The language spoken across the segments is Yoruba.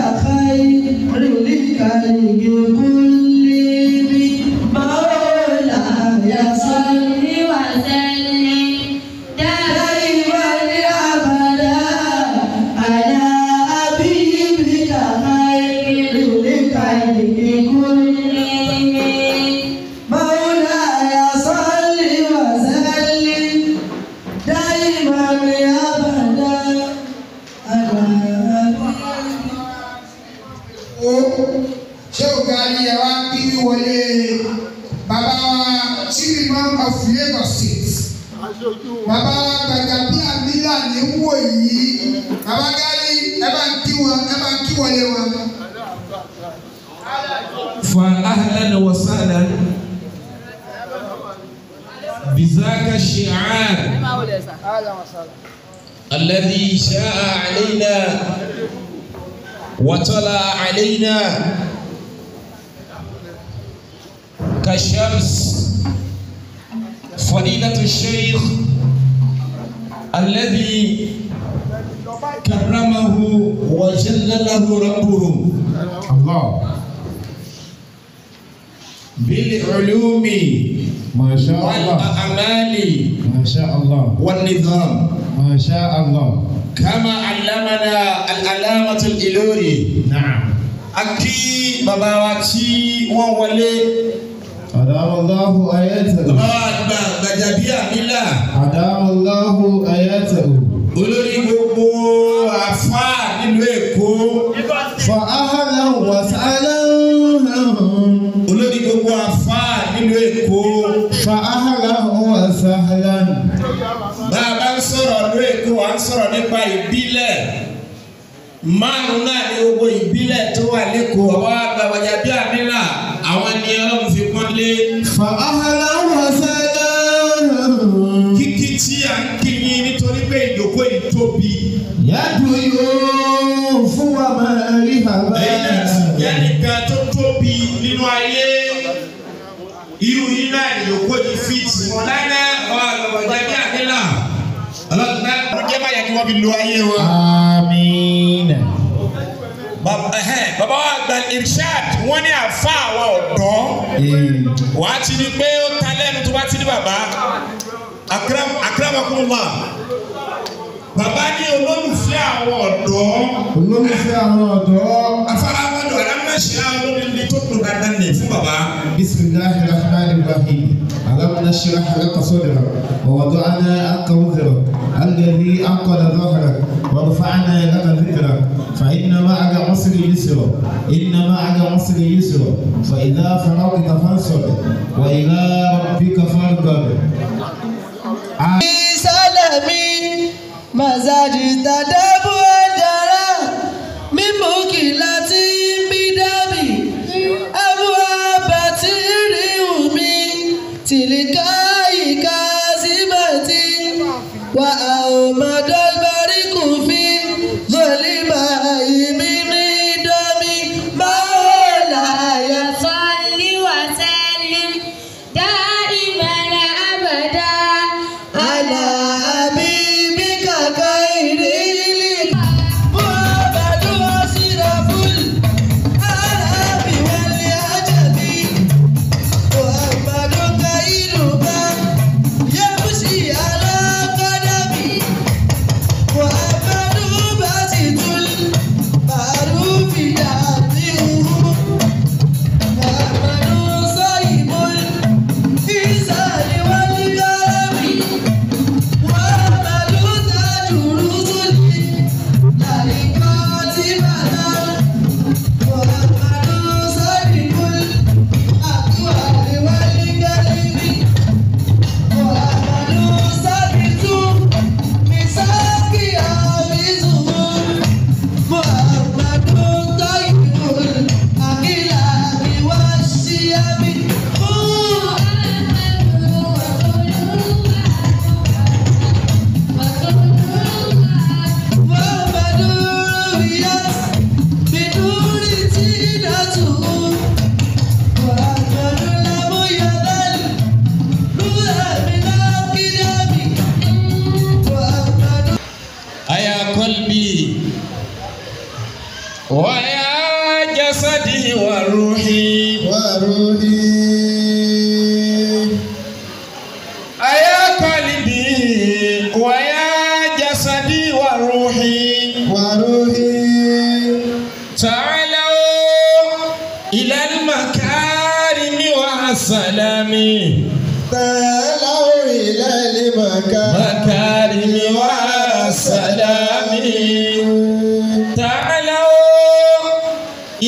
خير لك الجبل وطلع علينا كالشمس فضيلة الشيخ الذي كرمه وجلله ربه الله بالعلوم ما شاء الله والأعمال ما شاء الله والنظام ما شاء الله kama alamana alamatu ilori akí bàbá wa tí wọ́n wọlé. Adamallahu ayatahu. Bàbá wa gba gbajàbí àmì là. Adamallahu ayatahu. Olórí. ń sọ̀rọ̀ nípa ìbílẹ̀ márùn náà ni gbogbo ìbílẹ̀ tó wà lẹ́kọ̀ọ́ ọba àgbàwọ̀jà bíi àmìlà àwọn ni ọlọ́run fi pọ́n lé. fàáhàlà wà sẹ́lẹ̀. kíkí tí a ń kí ni nítorí pé ìjòkó yìí tóbi. yàtò yóò. wọ́n fi lo ayé wọn. amiina. bàbá wa gba irishad wọ́n ní àfa àwọn ọ̀dọ́ wàá ti di pé ó ta lẹ́nu tó bá ti di bàbá akramakumullah bàbá ní olólùfẹ́ àwọn ọ̀dọ́. olólùfẹ́ àwọn ọ̀dọ́. afárá wọn dọ̀ ẹ̀ ẹ́ má ṣe àwọn olólùfẹ́ tó tó dandan lè fún bàbá. bisimilahi rahman rahim. لم نشرح لك صدرك ووضعنا أنت وزرك الذي أنقل ظهرك ورفعنا لك ذكرك فإن معك مصر يسر إن معك مصر يسر فإذا فرغت فانصر وإلى ربك فارغب سلامي مزاج تدبر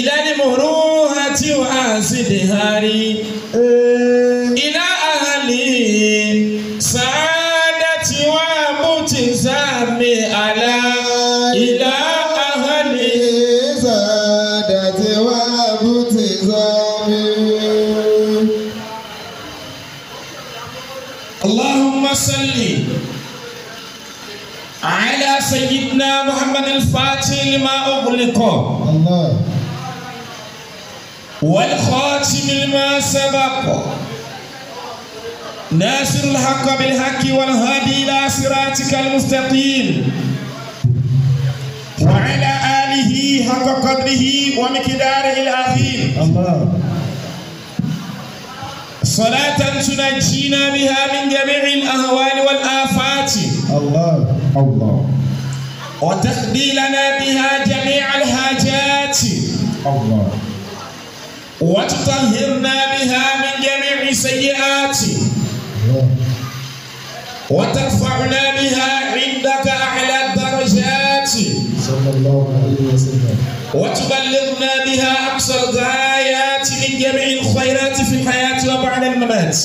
إلى المروءة وأزدهار إلى أهلي سعادة وابتسام على إلى أهلي سعادة وابتسام اللهم صل على سيدنا محمد الفاتح لما أغلق الله والخاتم لما سبق ناصر الحق بالحق والهادي إلى صراطك المستقيم وعلى آله حق قدره ومقداره العظيم الله صلاة تنجينا بها من جميع الأهوال والآفات الله الله وتقضي لنا بها جميع الحاجات الله وتطهرنا بها من جميع السيئات وترفعنا بها عندك أعلى الدرجات صلى الله عليه وسلم وتبلغنا بها أقصى الغايات من جميع الخيرات في الحياة وبعد الممات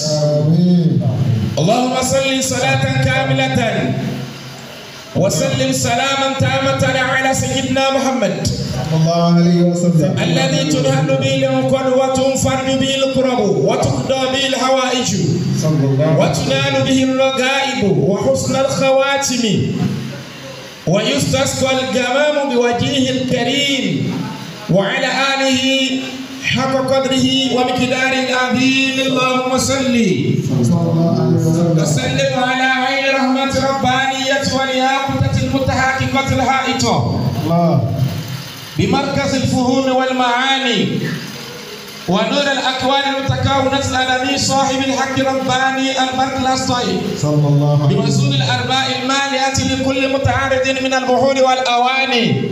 اللهم صل صلاة كاملة وسلم سلاما تامة على سيدنا محمد صلى الله عليه وسلم الذي تنهل به الأنقل وتنفرد به الكرب وتقضى به الحوائج صلى الله وتنال به الرغائب وحسن الخواتم ويستسقى الجمام بوجهه الكريم وعلى آله حق قدره ومقدار العظيم اللهم صل وسلم على عين رحمة ربانية ولياقتة المتحققة الحائطة الله بمركز الفهوم والمعاني ونور الاكوان المتكونة الادبي صاحب الحق رباني المركز طيب صلى الله عليه وسلم الارباء المالئه لكل متعارض من البحور والاواني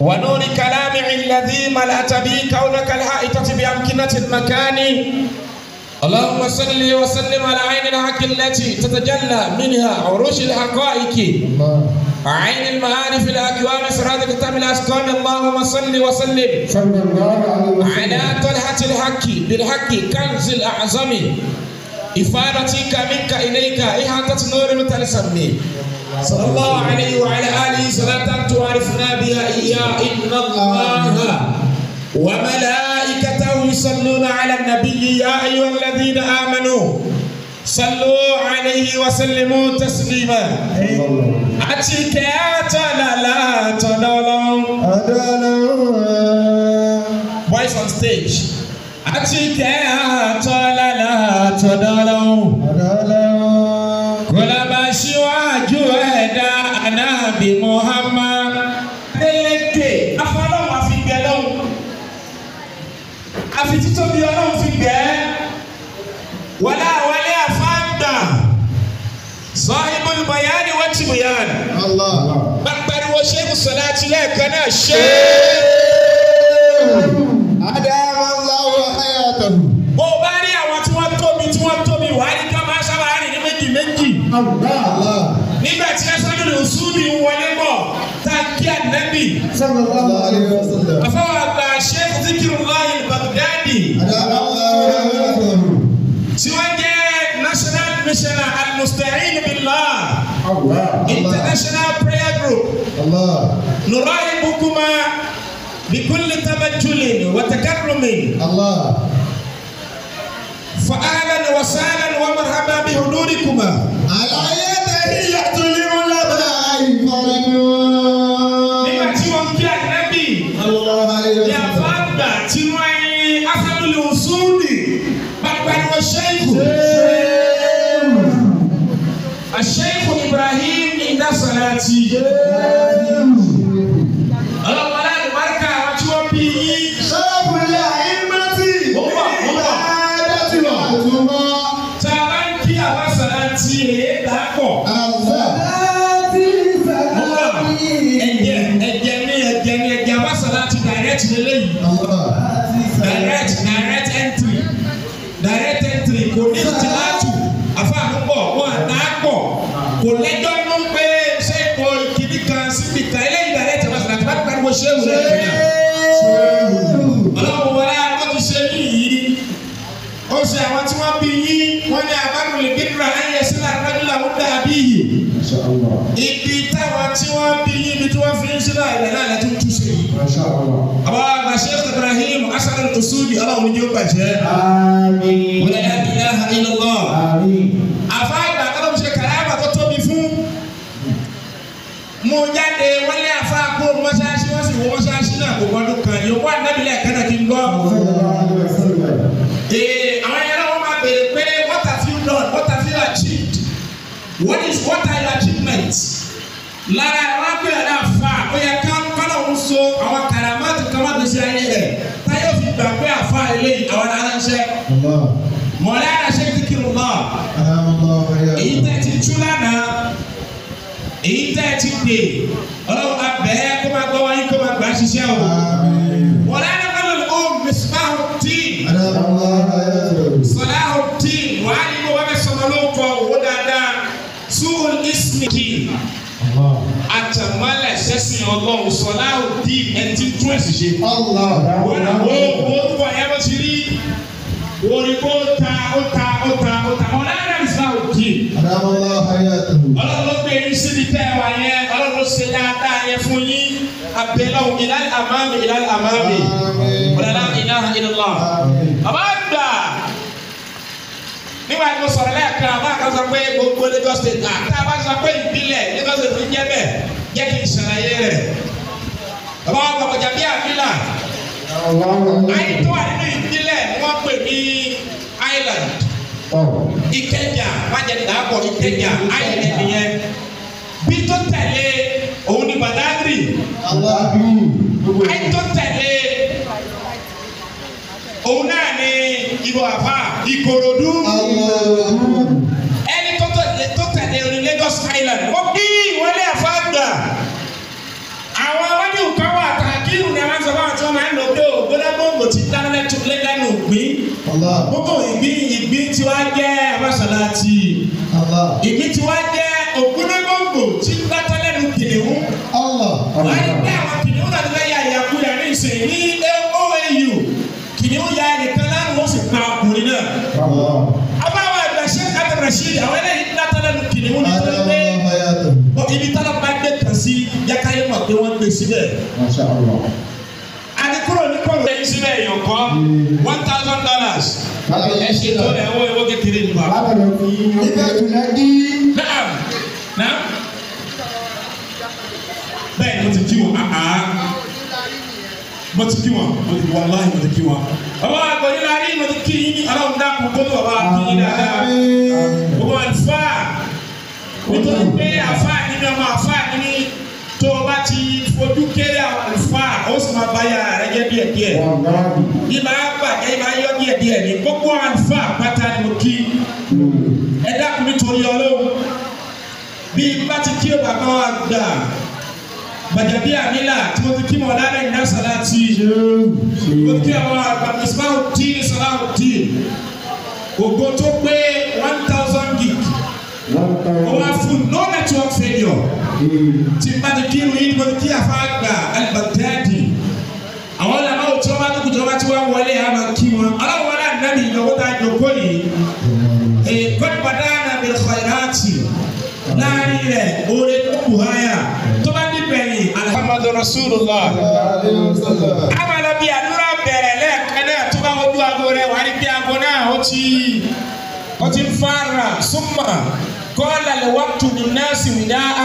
ونور كلامع الذي ملأت به كونك الحائطة بأمكنة المكان اللهم صل وسلم على عين الحق التي تتجلى منها عروش الحقائق الله. عين المعارف الأكوان سراد كتاب الأسكان اللهم صل وسلم صلى الله عليه وسلم على طلحة الحق بالحق كنز الأعظم إفادتك منك إليك إحاطة نور متلسمي صلى الله عليه وعلى آله صلاة تعرفنا بها إياه إن الله وملائكته يصلون على النبي يا sàlù alayhi wasalimu tẹsílímà àti kẹ́ àtàlàlà àtọ̀dọ̀lọ́. àtọ̀dọ̀lọ́. voice on stage. àti kẹ́ àtọ̀làlà àtọ̀dọ̀lọ́. àtọ̀dọ̀lọ́. kọlábà síwájú ẹ̀dá Muhammad. pélékè afọlọ́wọ́ àfi gbẹlọ́wọ́ àfi títóbi tìbìyàn. Bá pariwo ṣéèkù sọ̀lá ti lẹ́ẹ̀kan náà ṣé. Adama Allahu ayatahu. Bó o bá rí àwọn tí wọ́n tóbi tí wọ́n tóbi wàá rí ká máa sábà rìn ní méjì méjì. Nígbà tí Asanu lè sùn ní wọlé bọ̀, tá a kí ànábì. Sallallahu alaihi الله نراقبكما بكل تبجل وتكرم الله فأهلا وسهلا ومرحبا بحضوركما على تحية لعلماء فرقوا nígbà tí wọ́n kí ànábì yàtọ̀ àgbà tí wọ́n yin Gigante, Deus. ibi táwa tí wọ́n bí yín ibi tí wọ́n fi ń ṣe láàrin náà lẹ́tọ́ tún ṣe yìí. àwa Ibrahim asanu usudi aláwọ̀ yóò bàjẹ́. wọ́n yà bí lọ. àfa àgbà aláwọ̀ ṣe kàràbà tó tóbi fún. mo jáde wọ́n àfa kó mọ́ṣáláṣí wọ́n sì wọ́ mọ́ṣáláṣí náà kó gbọ́dọ̀ kan yóò wá nábìlẹ̀ kánà kí n gbọ́. àwọn yàrá wọn máa béèrè pé what have you done? What achieved? What is what I lára ẹ̀ wá pè é náà fà ó yẹ ká kọ́lá òun so àwọn kàràmátù kọ́má tó ṣe ayé rẹ̀ táyé òfin gbà pé àfa eléyìí àwọn aránṣẹ́ mọ̀lẹ́ aránṣẹ́ kékeré lọ èyí tẹ̀ ti tú lánàá èyí tẹ̀ ti dè ọlọ́run abẹ́ kó máa gbọ́ wáyé kó máa gbà ṣiṣẹ́ o mọ̀lẹ́ aránṣẹ́ kọ́lá òun mẹsàn-án tì. ẹ̀sìn ọlọ́run sọlá òdì ẹni tí tún ẹ̀sìn ṣe. wọ́n wọ́n fọ ẹ̀rọ ti rí orin kó ta ó ta ó ta ó ta ọ̀nà àdàmísà òdì. àdàmọ́lá ayé àtò. ọlọ́run pé eré síbi tẹ́ ẹ wà yẹn ọlọ́run ṣe dáadáa yẹn fún yín abẹ́lẹ́ òun ìlànà àmàmì ìlànà àmàmì ọ̀dàdà ìlànà ìlànà. bàbá àgbà nígbà tí mo sọ̀rọ̀ lẹ́ẹ̀kan àbá àkàtúntà pé gbogbo Lagos State àti àbá àkàtúntà pé ìbílẹ̀ Lagos State ń jẹ́ bẹ́ẹ̀ jẹ́ kí n ṣàlàyé rẹ̀ bàbá wa bàbá jàbí àbílà àyètò àdínú ìbílẹ̀ wọ́n pè ní island ìkẹjà wájà dàgbọ̀ ìkẹjà island nìyẹn bí tó tẹ̀lé òun ni Badagry àyètò tẹ̀lé òun náà ni ìbò àfà Ìkòròdú. Cross Island ó bí ìwọlé àfáàgbà àwọn awádìí kan wà tàkì ìrùn àwọn tí wọn máa ń lò pé ògbóná ti dáná tó lé lẹ́nu ìgbín gbogbo ìgbín ìgbín tí wàá jẹ́ àbáṣọláàtì ìgbín tí wàá jẹ́ ògbóná gbòǹgbò ti dáná lẹ́nu kìnìún wọn ní àwọn kìnìún náà ti fẹ́ yà ìyàkúyà ní ìsìn ní AOAU kìnìún yà ẹnìkan. Bashir àwọn eléyìí ní látàlẹ́ nu kìnìún ní tó gbé ibi tára bá gbé kàn sí yàkáyé mọ̀ pé wọ́n gbé síbẹ̀. Adekuro ní kọ́ lóyún síbẹ̀ èèyàn kọ́ hmm. one thousand dollars. Ẹ̀sìn tó rẹ̀ owó owó kékeré ni wà. Ibẹ̀ ìtúlẹ̀ dí. Naam naam. Bẹ́ẹ̀ni o ti jí o, ah, ah mo ti kí wọn mo ti wàláhì mo ti kí wọn. bàbá àgbọ̀nrín la rí mo ti kí yín aláwọ̀ dákun kó tó bàbá kí yín dáadáa gbogbo àtúfà nítorí pé àfà nínú ọmọ àfà nínú tó o bá ti fojú kéré àwọn àlùfáà ó ni mo kí ẹ dákun nítorí Ọlọ́run bí bá wa bàjẹ́bí àmìlà tí mo ti kí mọ̀ lára ìyá sàláàtì mo kí àwọn àgbàdàsíwá òtí ní sàlá òtí ògo tó pé one thousand gig ó wá fún no network failure hmm. tí bá ti kírun yìí mo ti kí àfa àgbà alibàtẹ́ẹ̀dì àwọn làbá òtí wọn bá tó kùtù wọn bá ti wá wọlé àmà kí wọn aláwọ̀ wọn náà nàbì ìnáwó tá a jọ kó yìí hmm. eh, gbọ́dọ̀ padà nàbì khayraati láàrin rẹ̀ oore kúkú háyà. Rasulullah. a máa lọ bí àdúrà bẹ̀rẹ̀ lẹ́ẹ̀kan náà tó bá wojú aago rẹ̀ wà bí aago náà ó ti ó ti fara súnmà kọ́lá lè wá tùdù náà sì wí dáa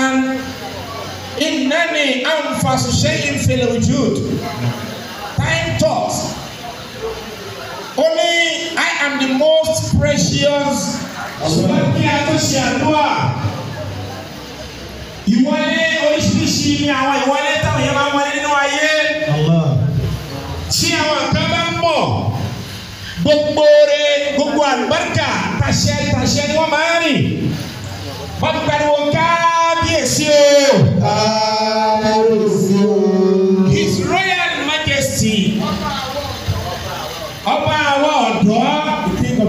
innani anfasu shay'in fil wujud time talks only I am the most precious. Ṣùgbọ́n kí a tó ṣe àdúrà ìwọlé oríṣiríṣi ni àwọn ìwọlé táwọn yẹn máa ń wọlé nínú ayé tí àwọn nǹkan bá ń bọ̀ gbogbo re gbogbo àlùbáríkà tàṣẹ tàṣẹ ni wọ́n máa ń rìn wọ́n pariwo kábíyèsí o. kábíyèsí o. His Royal Majesty ọba àwọn ọ̀dọ́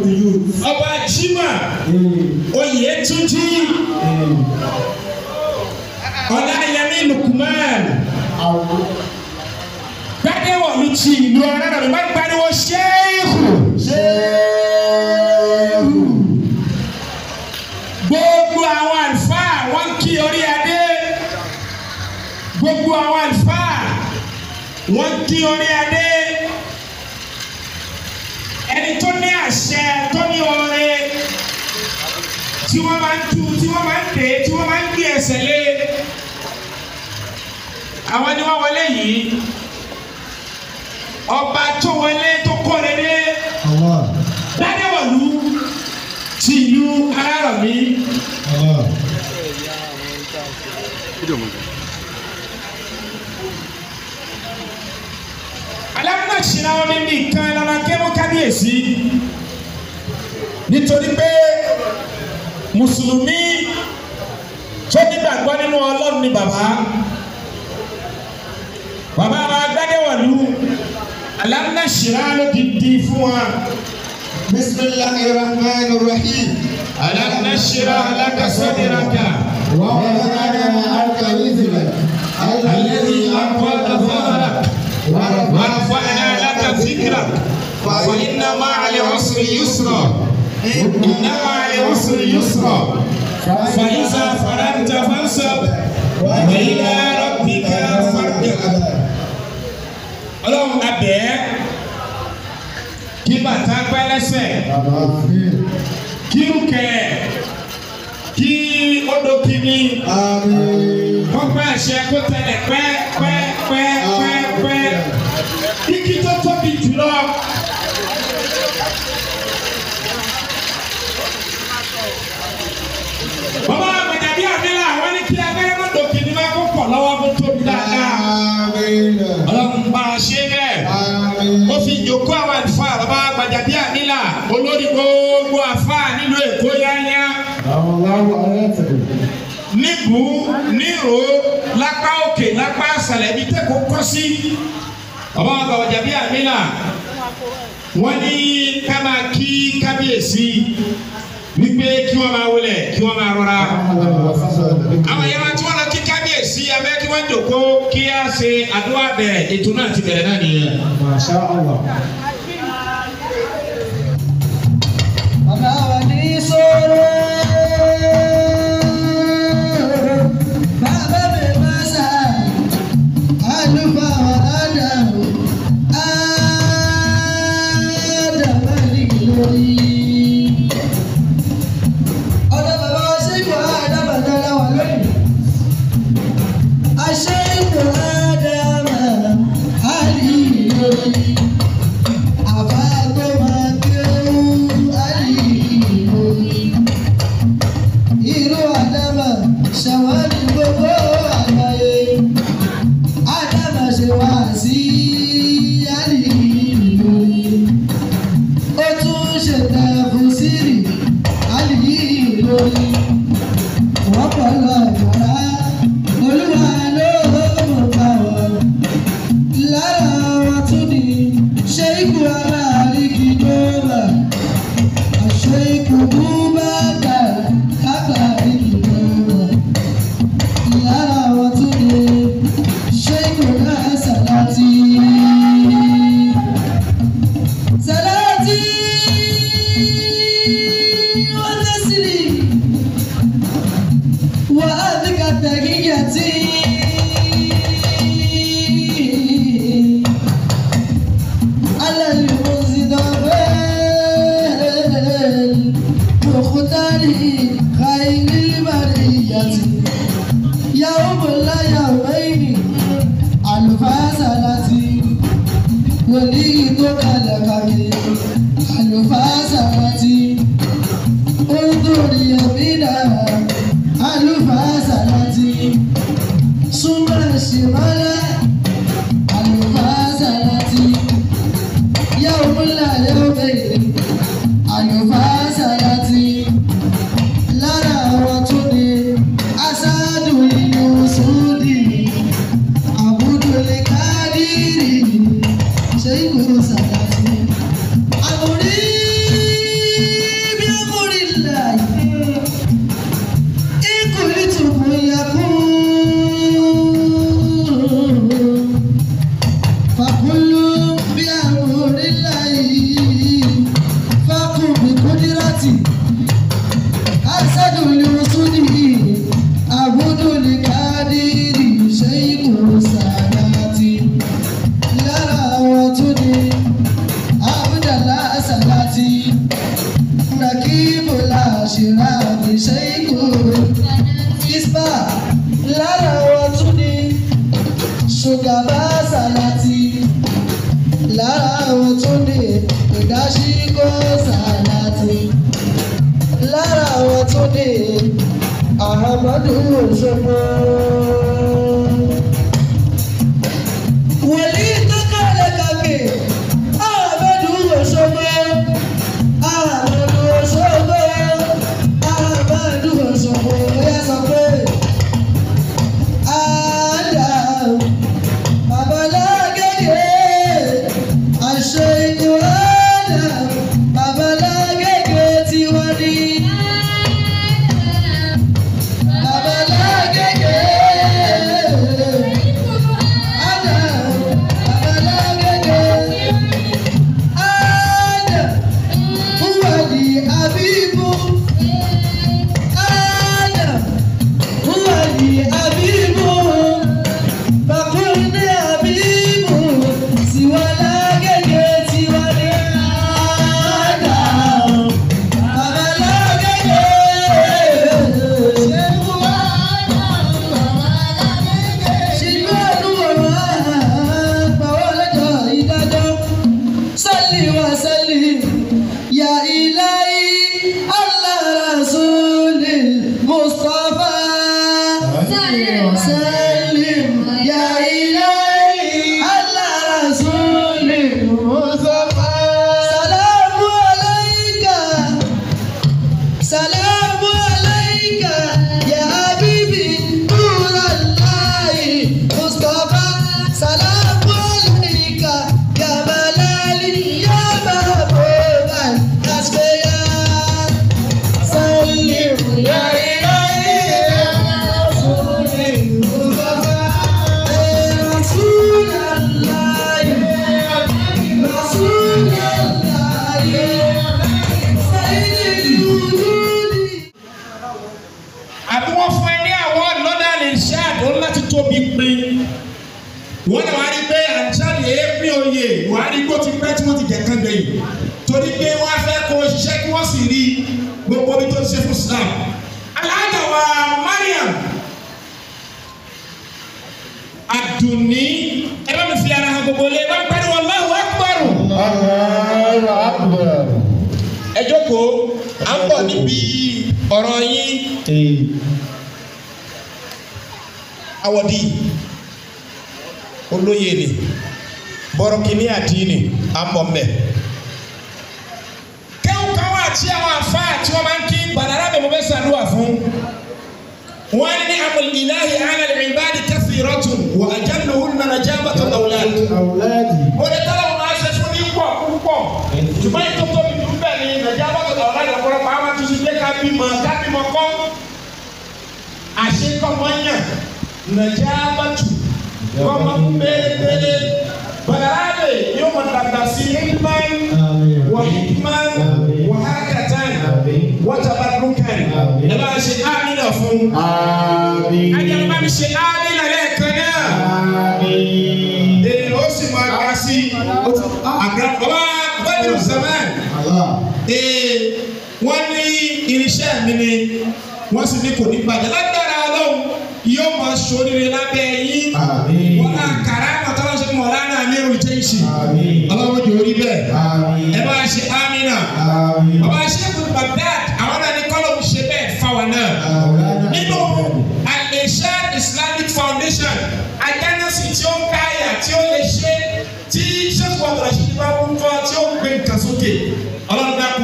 ọba Jimoh Oyètúnjí. Ọláyẹmí Lukman Gbadewọ̀ ló ti ìlú ọ̀rẹ́ rẹ̀ lọ́gbà gbaniwo ṣéèkù. Ṣéèkù. Gbogbo àwọn àlùfáà wọ́n kí orí adé. Gbogbo àwọn àlùfáà wọ́n kí orí adé. Ẹni tó ní àṣẹ tó ní oore tí wọ́n máa ń tú tí wọ́n máa ń tè tí wọ́n máa ń gbé ẹsẹ̀ lé àwọn ni wọ́n wọlé yìí ọba tó wọlé tó kọ́ lédè ládéwọ̀lú ti ìlú Arárọ̀mí. alámúná ṣìlá omi nìkan lọ́nà kẹ́mú kábíyèsí nítorí pé mùsùlùmí tó nígbàgbọ́ nínú ọlọ́run ni bàbá bàbá wa gbádẹ́wàlú alámúnáṣírá ló ti di fún wa. bisimilahi rahman rahim alámúnáṣírá alákàsọ́dẹ̀rẹ́kà wà wà lọ́dọ̀ àkà ìzìlẹ̀ alẹ́ni àkọ́dà fọ́nrà wà rafa'na laka dhikrak fa inna ma'al usri yusra. إنما العسر يسرا فإذا فرغت فانصب وإلى ربك فارغب Ọlọ́run abẹ́ kí bàtà pẹ́ lẹ́sẹ̀ kí rúkẹ́ kí ó dókì ní kọ́pẹ́ àṣẹ kó tẹ̀lé pẹ́ pẹ́ pẹ́ pẹ́ pẹ́ kíkí tó tọ́. bàbá gbajàbí ànílà olórí gbogbo àfa nílùú èkó yáyá. àwọn aláwọ̀ alátẹ̀lẹ̀. níbù níro lápá òkè lápá àṣàlẹ̀ ibi tẹ́kọ̀ọ́ kọ́ sí bàbá gbajàbí ànílà wọ́n ní ká máa kí kábíyèsí wípé kí wọ́n máa wọlé kí wọ́n máa rọra. àwọn yẹn máa tí wọ́n lọ kí kábíyèsí abẹ́ kí wọ́n jòkó kí á ṣe àdúrà bẹ̀rẹ̀ ètò náà ti bẹ̀rẹ̀ náà nìyẹn. 一起前进。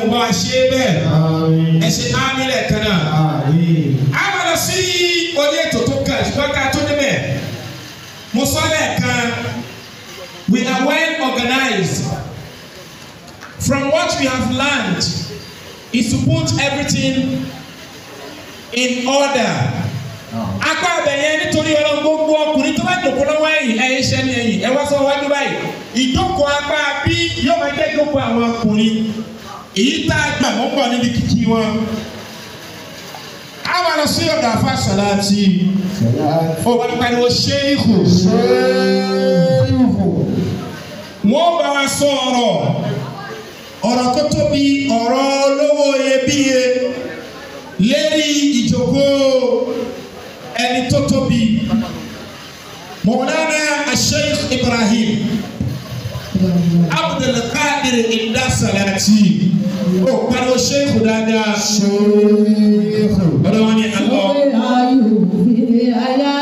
kó bá ṣe bẹ́ẹ̀ ẹ̀sìn náà nílẹ̀ kan náà. a máa sí orí ètò tó ṣùgbọ́n ká tó débẹ̀ mo sọ lẹ́ẹ̀kan we are well organized from what we have learned is to put everything in order. apá abẹ̀yẹ nítorí ọlọ́run gbogbo ọkùnrin tó bá jòkó lọ́wọ́ ẹ̀yìn ẹ̀ iṣẹ́ ní ẹ̀yìn ẹ wájú báyìí ìjókòó apá bí yóò máa jẹ́ ìjókòó àwọn ọkùnrin èyí tá a gbà wọ́n pọ̀ níbi kíkí wọn a wà lọ sí ọ̀dọ̀ afa salati o wà pariwo seihu seihu wọ́n bá wa sọ ọ̀rọ̀ ọ̀rọ̀ tó tóbi ọ̀rọ̀ olówó iyebíye lérí ìjókòó ẹni tó tóbi mọ̀nàmẹ́ asheikh Ibrahim. Abdul Qadir inda salati o oh, pariwo seku dáadáa. Seku. Bọ́dọ̀ wọn ni àlọ́. Ṣé ayò fi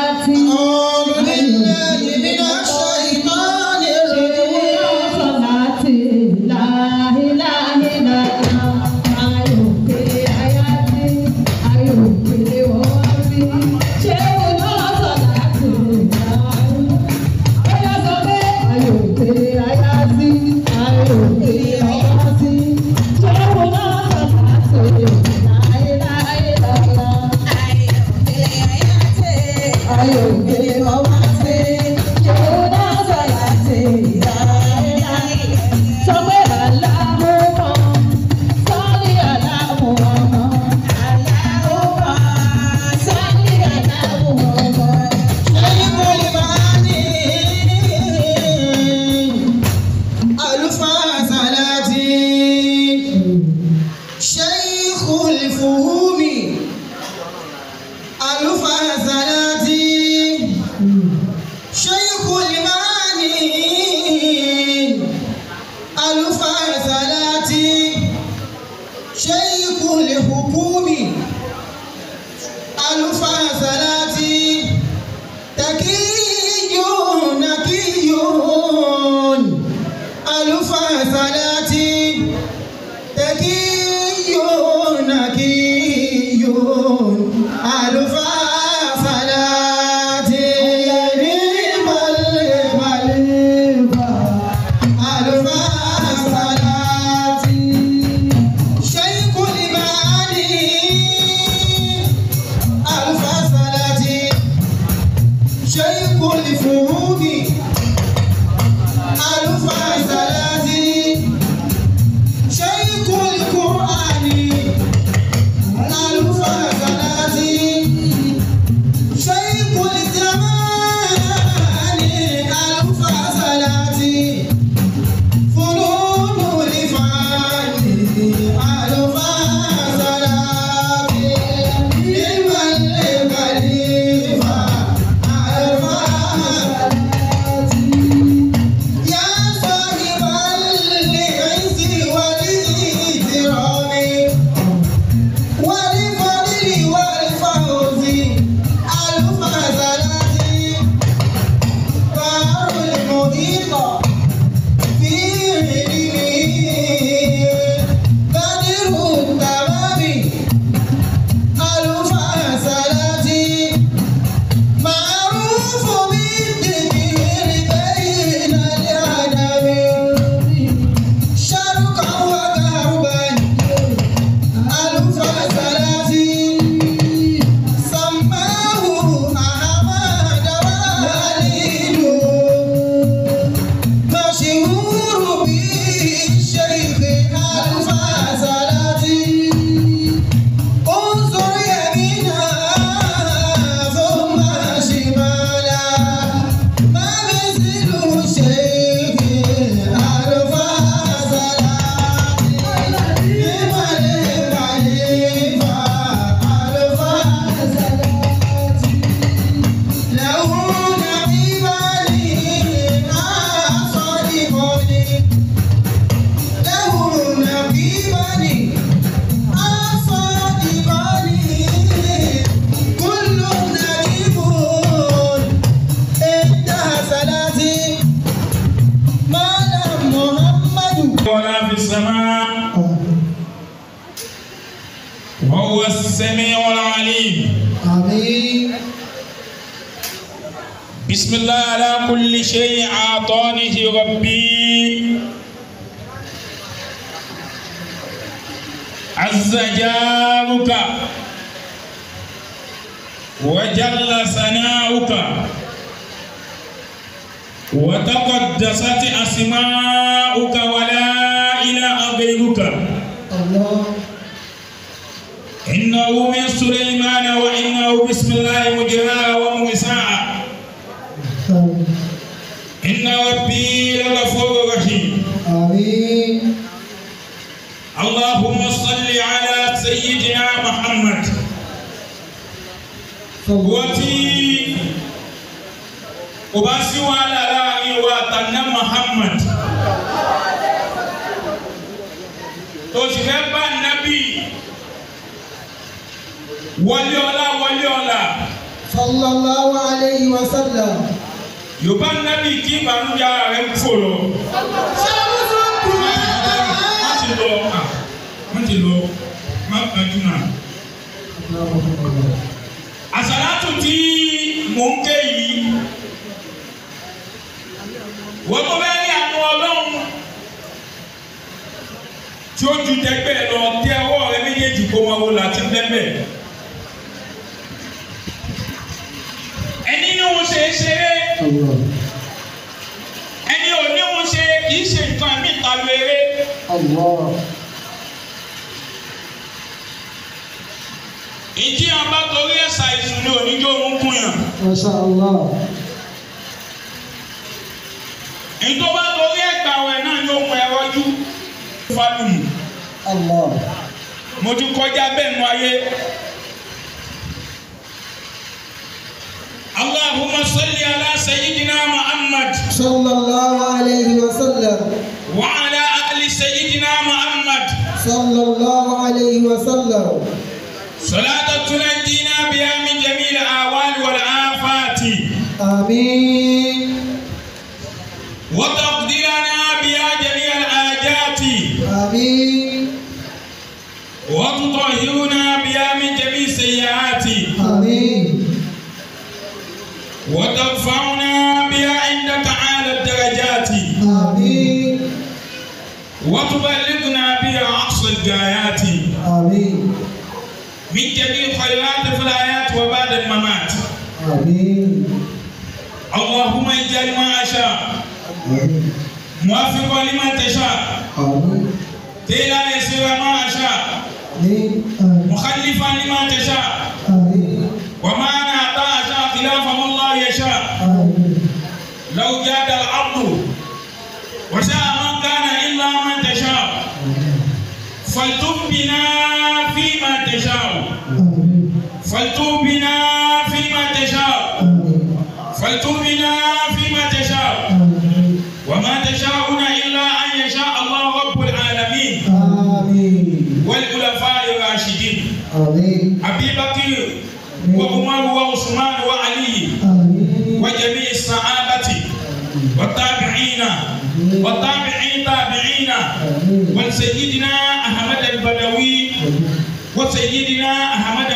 أسماؤك ولا إله غيرك الله إنه من سليمان وإنه بسم الله مجراها ومرساها إن ربي لغفور رحيم آمين اللهم صل على سيدنا محمد وتي وباسي على alihi wa tànà Muhammad tó sì fẹ́ bá nábì wọlé ọlá wọlé ọlá. sallallahu alayhi wa sallam. yorùbá nábì kí ìbànújẹ́ ara rẹ̀ ń fò lọ. wọ́n ti lọ wọ́n ah, ti lọ má gbájú náà. àṣàlátù tí mò ń ké yìí wọ́n mọ bẹ́ẹ̀ ní àánú ọlọ́run tí ó ju tẹgbẹ́ lọ tẹ ọwọ́ rẹ méjèèjì kó wọn wo láti lẹ́mẹ̀. ẹni ní òun ṣe é ṣeré ẹni ò ní òun ṣe kì í ṣe nǹkan mí ta lóore. ìjì àbá torí ẹ̀sà ìsúnú oníjó ń kùn ìjọba torí ẹgbà ọ̀rẹ́ náà ni ohun ẹ̀rọjú fálùmù mo ti kọjá bẹ́ẹ̀ nu ayé. اللهم صل على سيدنا محمد صلى الله عليه وسلم وعلى آل سيدنا محمد صلى الله عليه وسلم صلاة تنجينا بها من جميع الأهوال والآفات آمين وتقضي بها جميع الآيات آمين وتطهرنا بها من جميع السيئات آمين وترفعنا بها عندك أعلى الدرجات آمين وتبلغنا بها أقصى الغايات آمين من جميع خيرات في الحياة وبعد الممات آمين اللهم اجعل ما أشاء موافقا لمن تشاء تيلا يسير ما أشاء مخلفا لما تشاء وما أعطى أشاء خلاف ما الله يشاء لو جاد العبد وشاء من كان إلا من تشاء فلتم بنا وسيدنا أحمد البدوي وسيدنا أحمد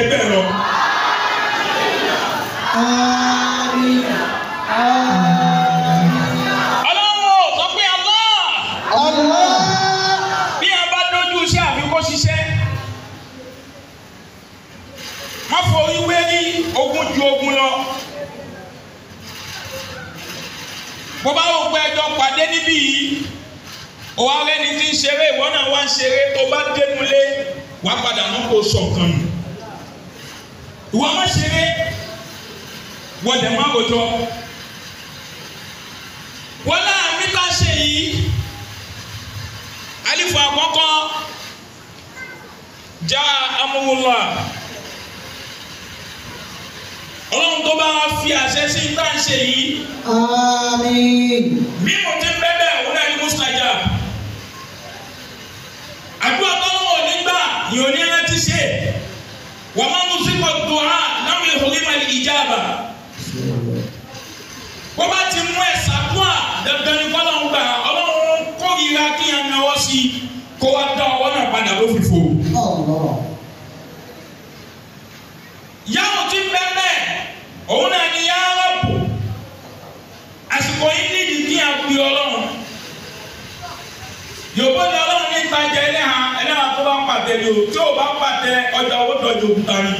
yẹn bẹ́ẹ̀ lọ. ọlọ́run sọ pé Allah bí a bá dojú iṣẹ́ àfikún ṣiṣẹ́ má fọ ìwé ní ogún ju ogún lọ. bó bá wò pé ẹjọ́ pàdé níbí yìí òwò arẹ́ni ti ń ṣeré ìwọ náà wá ń ṣeré tó bá dénúlé wàá padà mọ́ kó sọ̀kan nù ìwọ má ṣeré wọ dẹ̀ má wòjọ wọ́n láàrin bá ṣe yìí alifu àkọ́kọ́ já amúhùnlá ọlọ́run tó bá fi àṣẹ sí bá ń ṣe yìí. àmín. bí mo ti bẹ́ bẹ́ẹ̀ òun náà ni mo ṣàjà. àdúrà tọ́lọ́wọ̀ nígbà yìí ò ní rántí ṣe. وما نصيب الدعاء لم يحرم الإجابة wọ́n bá ti mú ẹ̀sà dùn à dandan ní fọlọ́n gbà ọlọ́run kórìíra kí ẹ̀ náwó sí i kó wá dá ọwọ́ náà padà ló fi fò. yàrá ti bẹ́ẹ̀ bẹ́ẹ̀ òun náà ni yàrá a gbé yòbó ni ọlọ́run ní ìtajà ẹlẹ́hàn ẹlẹ́hàn tó bá ń pàtẹ ni o tí o bá ń pàtẹ ọjà owó dọ̀jọ̀ òkúta ni.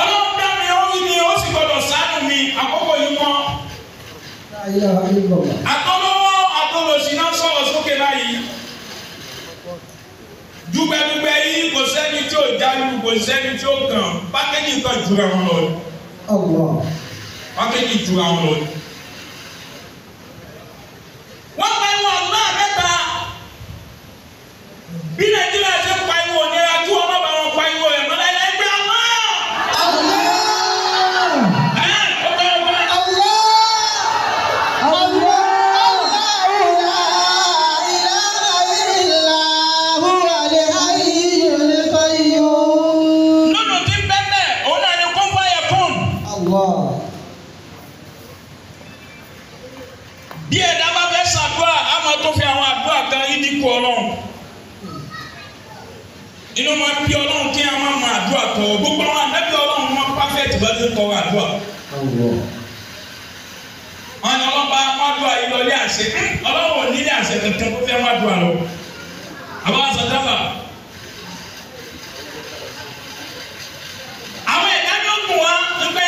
ọlọ́run dá mi ó yí mi ó sì gbọdọ̀ ṣàánú mi àkókò yìí mọ́. àtọ́lọ́wọ́ àtọ́lọ́sí náà sọ̀rọ̀ sókè báyìí. dúpẹ́dúpẹ́ yìí kò sẹ́ni tí ò jálu kò sẹ́ni tí ó kàn pákéjì kan jura wọn lọ. pákéjì jura wọn lọ. bila tó tọrọ àdúrà. wọn ní ọlọ́pàá mọ́dúà yìí lọ ní àṣẹ eh, ọlọ́wọ́ ní ní àṣẹ kankan tó fẹ́ mọ́dúà lọ. àwọn aṣọ dábàá. àwọn ẹ̀dá ló mú wa pé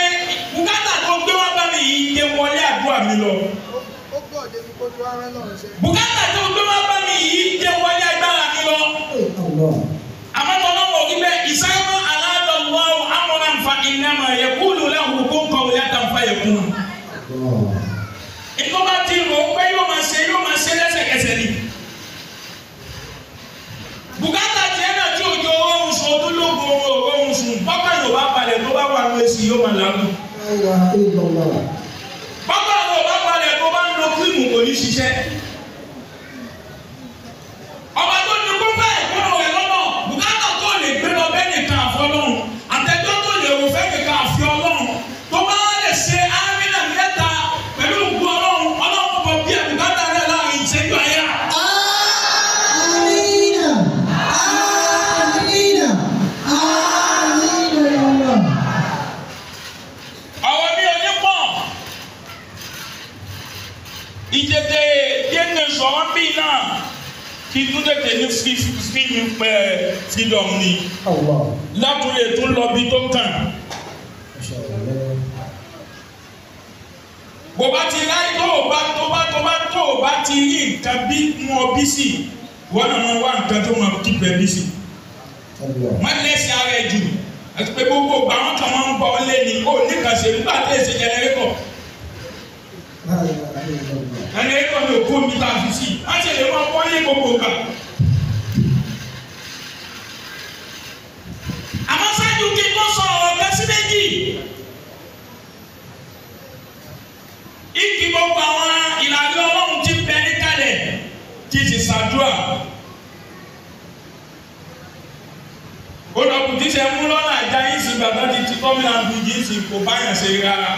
bùkátà tó gbé wá bá mi yìí jẹ́ wọlé àdúrà mi lọ. bùkátà tó gbé wá bá mi yìí jẹ́ wọlé agbára mi lọ. àmọ́ tọ́lọ́wọ́ wípé ìsáyẹ́mọ́. فإنما يقول له كن قولة فيكون ìtọ́ bá ti mọ̀ pé yóò máa ṣe yóò máa ṣe lẹ́sẹ̀kẹsẹ̀ ni bùkátà tiẹ̀ náà tó bá wà ní èsì yóò máa làágùn. bọ́kà yóò tó bá ń lo kírìmù kò ní ṣiṣẹ́ ọba tó ní. kí inú tètè ní fíìmù pẹ́ freedom ni oh, látúlẹ̀ tó lọ bí tó kàn. bó bá ti láyé tó o bá tó bá tó bá tó o bá ti rí nǹkan bí mú ọ bí sí wọn náà wá nǹkan tó máa kí pẹ́ bí sí. má lẹ́sìn ara ẹ̀ jù àti pé gbogbo ìgbà wọn kàn máa ń bọ̀ ọ́ lé ní o ní kàṣẹ́ nígbà tẹ̀sí jẹnẹrétọ̀ ẹni ẹ̀kọ́ ní òkú omi tá a fi sí i á ṣe lè wá wáyé gbogbo gbà. àmọ́ sáájú kí n tó sọ ọ̀rọ̀ kan sí méjì ìkí gbogbo àwọn ìlànà ọlọ́run ti bẹ ní kalẹ̀ kí n sì ṣàdúrà. olùkùtì ṣe mú lọ́nà àjà yìí sí bàbá ti ti gómìnà bùjì sí kò báyà ṣe rárá.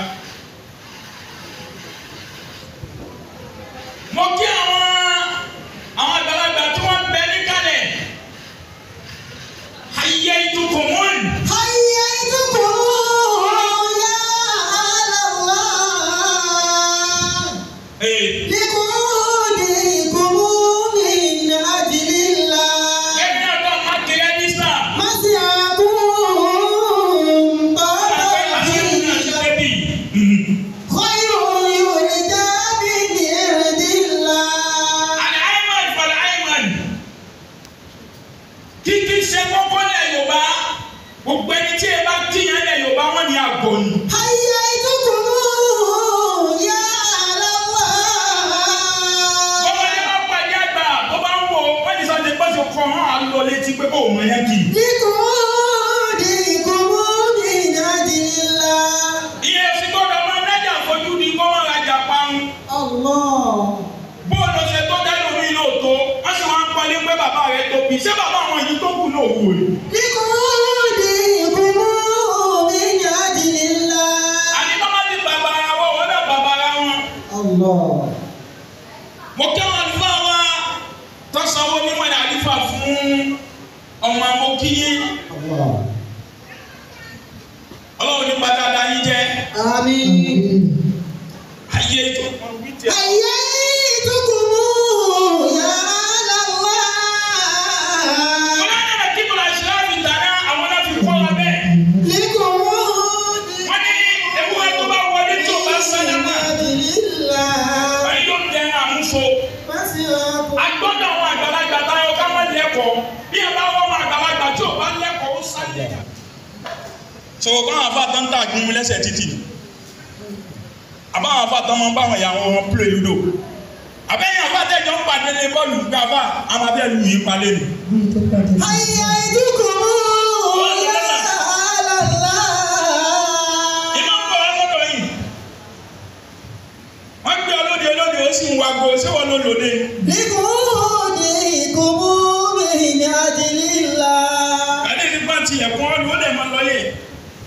ti ẹ̀kọ́ ọ̀nù ó dẹ̀ máa lọ yẹ.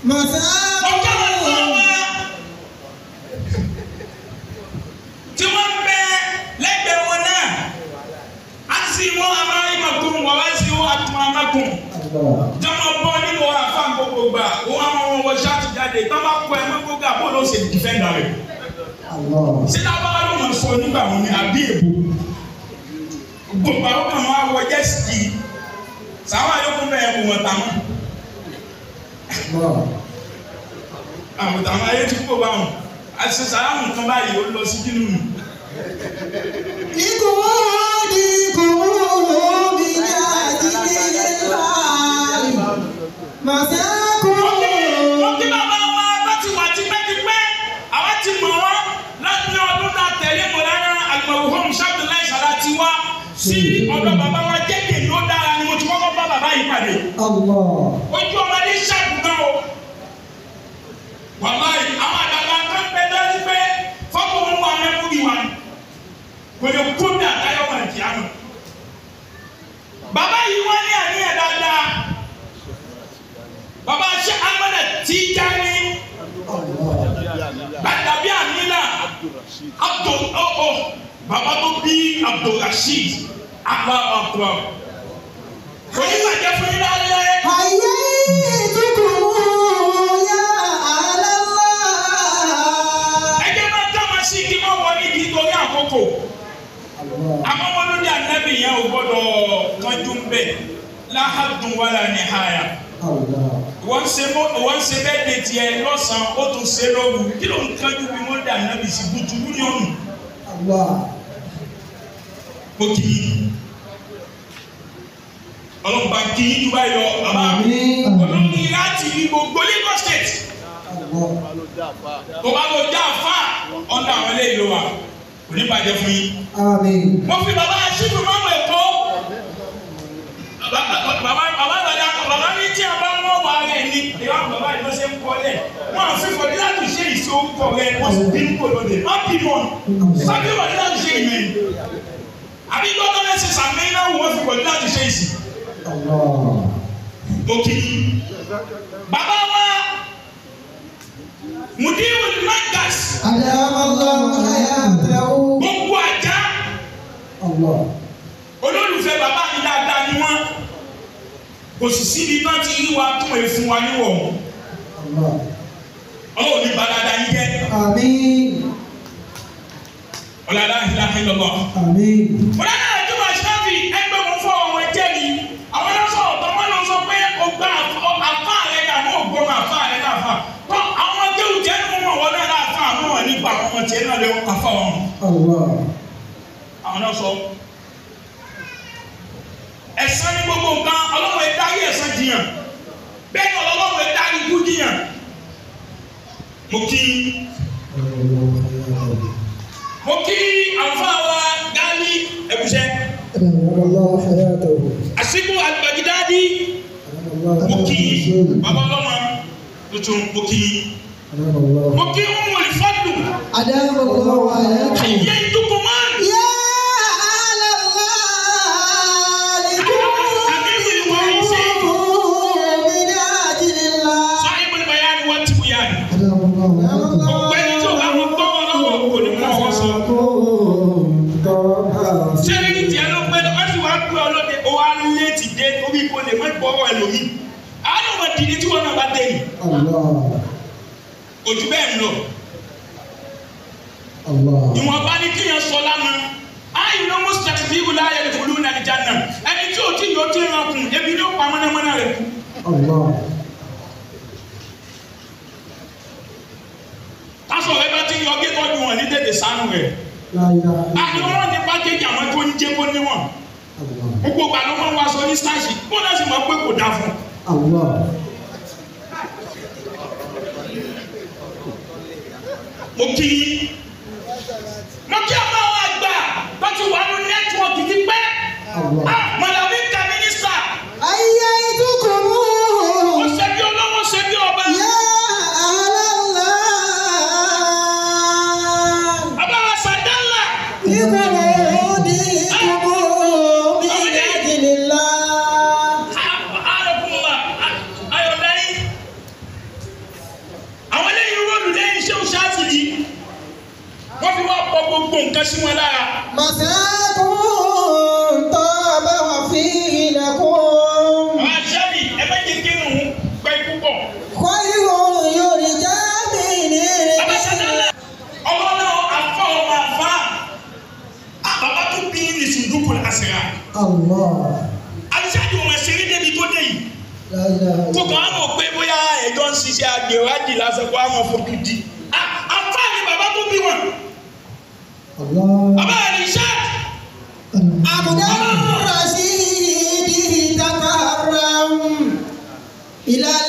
màtá ọjọ́ wọn lọ wá. tí wọ́n ń bẹ lẹ́gbẹ̀ẹ́ wọn náà á sì wọ́n a máa ń mọ̀kùn wọ́n á sì wọ́n a tún a máa kùn. jọmọ bọ nínú ọ̀rọ̀ àfa gbogbo gbà wọ́n á máa wọ ṣáàtì jáde tó bá kọ ẹ mọ́kó gbà bọ́ọ̀lù ó sì dìfẹ́ndà rẹ̀. síta bá wà lóun sọ nígbà wọn ni àbí èbó gbogbo àwọn kan máa wọ jẹ́sìkì sáwọn àyọkùn bẹ́ẹ̀ kò wọ́n tà mọ́. àwọn tàwọn ayé ti kó báwọn àti sàrámù kan báyìí ó lọ sí kínú nù. ìkòwò di ìkòwò mi ní àdìgbé nípa màsàkó. mo kí bàbá wa bá ti wà tipẹ́tipẹ́ àwa ti mọ̀ wá láti ọdún tá tẹ̀lé mọ̀ àgbàwò home ṣàtúnláì sàrà ti wá sí ọ̀dọ̀ bàbá wa jẹ́ kí ló dára ni mo ti kọ́kọ́ bá bàbá yìí pàdé. ojú ọ̀rọ̀. wòle kum ní àdáyọ wọn àti àná bàbá yìí wọn ní àníyàn dáadáa bàbá ṣe amẹ́nà tíjà ní bàtàbí àníyàn Abdul ọ̀ọ́ bàbá tó bí Abdul Rasheed àpá ọ̀pọ̀ wòle wà jẹ́ fún yín lálẹ́. ayé tuntun mú yá àlọ́. ẹ jẹ́ bá dá màsíkì mọ́ wọlé kí n torí àkókò àmọ́ wọn ló dé ànábì yẹn ò gbọ́dọ̀ kánjú ń bẹ̀ láhàdùn wàlà ní àyà wọ́n ṣe wọ́n ṣe bẹ́ẹ̀ de tiẹ̀ lọ́sàn-án ó tún ṣe lóru kí ló ń kánjú bí wọ́n dé ànábì sí bùtùkú ní ọ̀nù. kò kì í ọlọ́mọba kì í dúbà yọ àmà olórí láti ní gbogbo Lagos state. tó bá lọ já fa ọ̀nà àwọn eléyìí ló wà òní bàjẹ́ fún yín. mo fi bàbá aṣípù mọ́mọ́ ẹ̀kọ́ bàbá ìbàdàn bàbá ní tí a bá ń wọ́n wà rẹ̀ ni ìwà bàbá ìbọn ṣe ń kọ́ lẹ̀ wọ́n á fi fọdí láti ṣe ìṣó rẹ̀ wọ́n sì dín kò lóde má bí mọ́ sábì fọdí láti ṣe ìmẹ̀ àbí lọ́dọ̀ lẹ́sẹ̀ sàmì náà wọ́n fi fọdí láti ṣe ìsìn. mo bàbá wa mudiru magas. adamallahu hayatahu. gbogbo ajá. olólùfẹ́ bàbá mi dáadáa ni wọ́n kò sì síbi náà ti rí wa tún èfún wa níwọ̀ ọlọ́run ní balada yín jẹ́. ọ̀làdá ìlànà ìlọ́gbọ̀n. ọ̀làdá. àwọn tiẹ̀ náà lè afa wọn. àwọn náà sọ ẹ̀san ní gbogbo nǹkan ọlọ́wọ́ ẹ̀dá yẹ ẹ̀san jiyàn bẹ́ẹ̀ ni ọlọ́wọ́ ẹ̀dá ikú jiyàn mo kí mo kí àfa wa gáálí ẹ̀kúṣẹ́. àsìkò àgbàgídádì mo kí bàbá ọlọ́mọ tuntun mo kí mo kí ń wọlé fọ́. أدام الله عليكم حييتكم يا أهل المالك من أجل الله صاحب البيان والتبيان أدام الله عليكم sẹ́yìn tí a lọ pẹ́ lọ́wọ́ sí wàá pẹ́ ọlọ́dẹ ó wá létí dé orí kò lè má gbọ́wọ́ ẹlòmí àwọn ọmọdé ni tí wọ́n náà bá dé yìí ojú bẹ́ẹ̀ lọ ìwọ̀n bá ní kíyàn sọ lánàá ayi ní ọmọ sẹ̀tì bí wùlá ayẹyẹ fúlú náà níjà náà ẹni tí o ti yọ tí ìran kùn ebi ní o pa mọ́nàmọ́ná rẹ̀ kú. tásọ̀ rẹ bá ti yọ gẹ́gọ́ ju wọn ní tètè sánú rẹ̀ àdìmọ́ràn ní pákéjì àwọn tó ń jẹ́ kó níwọ̀n gbogbo ìgbà ló máa ń ní stáàsì kó náà sì máa pé kò dáa fún mo kí yín mo kí àwọn àgbà tó ti wà ní nẹ́tíwọ̀kì ti pẹ́ ah, mọ̀lá aṣáájú wọn ṣeré débi tó dé yìí kó kàn á mọ̀ pé bóyá ẹ̀jọ́ ń ṣiṣẹ́ àgbèrò àjì lásán kó á mọ̀ fojú di àǹfà ni bàbá tó bí wọn. bàbá rẹ̀ ṣe. àbùdá rọ̀ sí ibi ìtàkà ìlànà.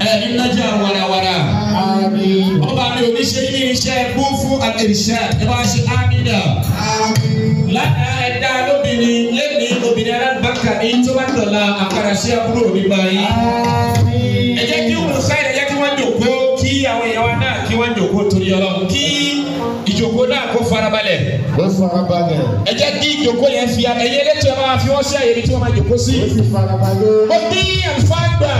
ẹ ìnájà warawara ọba mi ò ní ṣe ní iṣẹ́ kú fún àtẹ̀ríṣẹ́ ẹ bá ṣe ámìnà lára ẹ̀dá lóbìnrin lẹ́ni obìnrin alábàkà ní tó bá dọ̀la àkàrà sí àbúrò mi báyìí. ẹ jẹ́ kí wọ́n sáyẹ̀ ẹ jẹ́ kí wọ́n jòkó kí àwọn èèyàn wa náà kí wọ́n jòkó torí ọlọ́run kí ìjòkó náà kó farabalẹ̀. ó farabalẹ̀. ẹ jẹ́ kí ìjòkó yẹn fi ẹyẹ lẹ́tọ̀ọ́ máa fi wọ́n sí àyè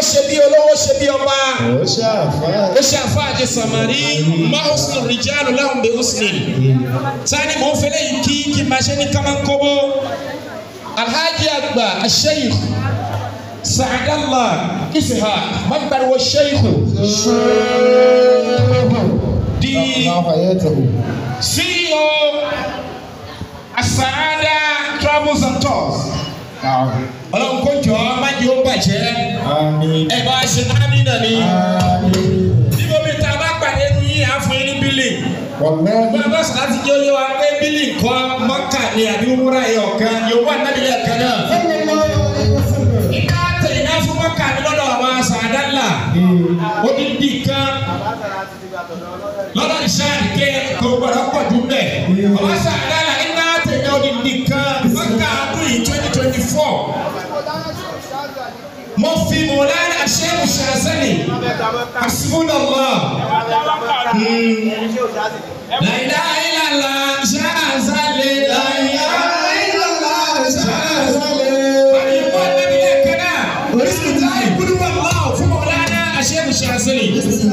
ó ṣe bí olówó ṣe bí ọba ó ṣe àfa àti samari mahusnu rijalu lahum bi husni tani mò ń fẹlẹ yìí kí kí máa ṣe ní kamankobo alhaji agba asheikh saadallah kisiha magbar wa sheikh di CEO asaada travels and tours ọlọ́run kò jọ má jẹ́ ó bàjẹ́ ẹ bá a ṣe ámì náà ni níbo mi ta bá pàdé nu yín á fún yín ní bílì wọn bá sọ̀rọ̀ láti jẹ́ oyè wa pé bílì kan mọ́kà ni àbí wúrà yẹ ọ̀kan yóò wà nábì yẹ ọ̀kan náà. iná tẹ̀ iná fún mọ́kà ni lọ́dọ̀ àwọn aṣọ àdánlà ó ní dì kan lọ́dọ̀ ìṣáàdì kẹ́ kò gbọ́dọ̀ pọ̀ jù bẹ́ẹ̀ ọ̀bá sọ̀rọ̀ àdánlà iná tẹ̀ iná ó ní dì kan. before. mo fi mọ̀lánà ṣẹ́kù ṣàzẹ́nì àṣìbúnàlá láìdá ìlàlá ṣàzálẹ̀ láìdá ìlàlá ṣàzálẹ̀. àyẹ̀wò ẹ̀dẹ́gbẹ̀lẹ̀ kẹ́nà bísíkìtì àìkúrú wà máa fún mọ̀lánà ṣẹ́kù ṣàzẹ́nì. bísíkìtì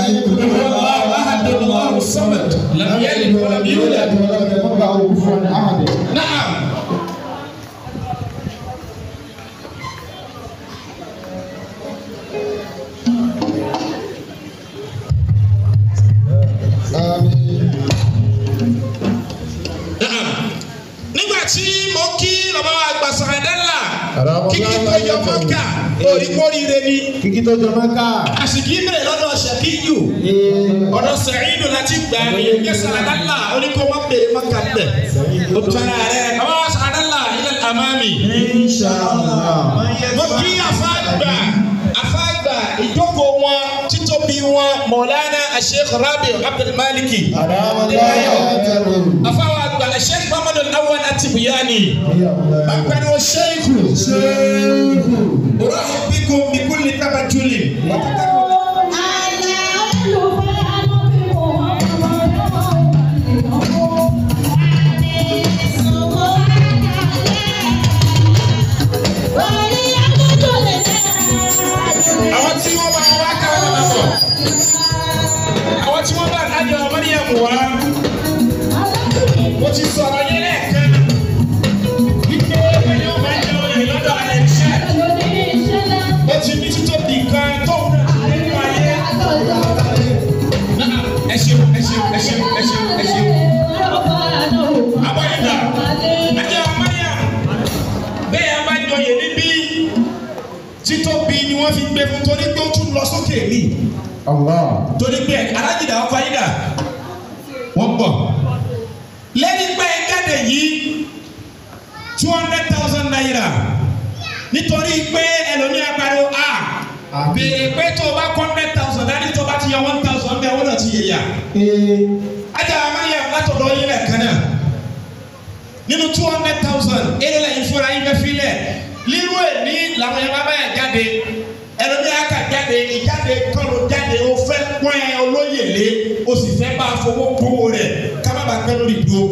àìkúrú wà máa fún mọ̀lánà ṣẹ́kù ṣàzẹ́nì. tí mo kí lọ́ba àgbà sàrẹ́dẹ́là kíkí tó yọ mọ́kà oríkóríire ni. kíkí tó yọ mọ́kà. àsìkí bẹ̀rẹ̀ lọ́dọ̀ ṣẹ́kíyù ọ̀dọ̀ sẹ̀yìndò láti gbà ní ẹgbẹ́ sàrẹ́dẹ́là oníkọ́mọ́ pé mọ́kà bẹ̀. o tara rẹ ọba sàrẹ́dẹ́là ilẹ̀ àmàmì. mo kí afáàgbà afáàgbà ìjókòó wọn títóbi wọn mọ̀lánà àṣẹ rabi abdulmaliki. àdáwọ̀ dáyọ̀ الشيخ محمد الأول التبياني مكان الشيخ رحب بكم بكل تبجل tún lọ sókè mi. torí pé alájìdá ọkọ ayídà wọ́n bọ̀ lẹ́ni pé jáde yìí two hundred thousand naira nítorí pé ẹlòmíràn pariwo a béèrè pé tó o bá kọ́ hundred thousand dání tó o bá ti yọ one thousand bẹ́ẹ̀ wọ́n náà ti yẹ yà. ajá a máa yẹ látọ̀dọ̀ yín lẹ́ẹ̀kan náà nínú two hundred thousand eré lẹ́yìn fúnra yín fẹ́ fi lẹ̀ lírú ẹ̀ ní làwọn yẹn bá bá yẹn jáde jáde ìjáde kọ́nu jáde ó fẹ́ pọ́n ẹ olóyè lé o sì fẹ́ bá fowó gbowó rẹ̀ kábàbà pẹ́ lórí ìdúró.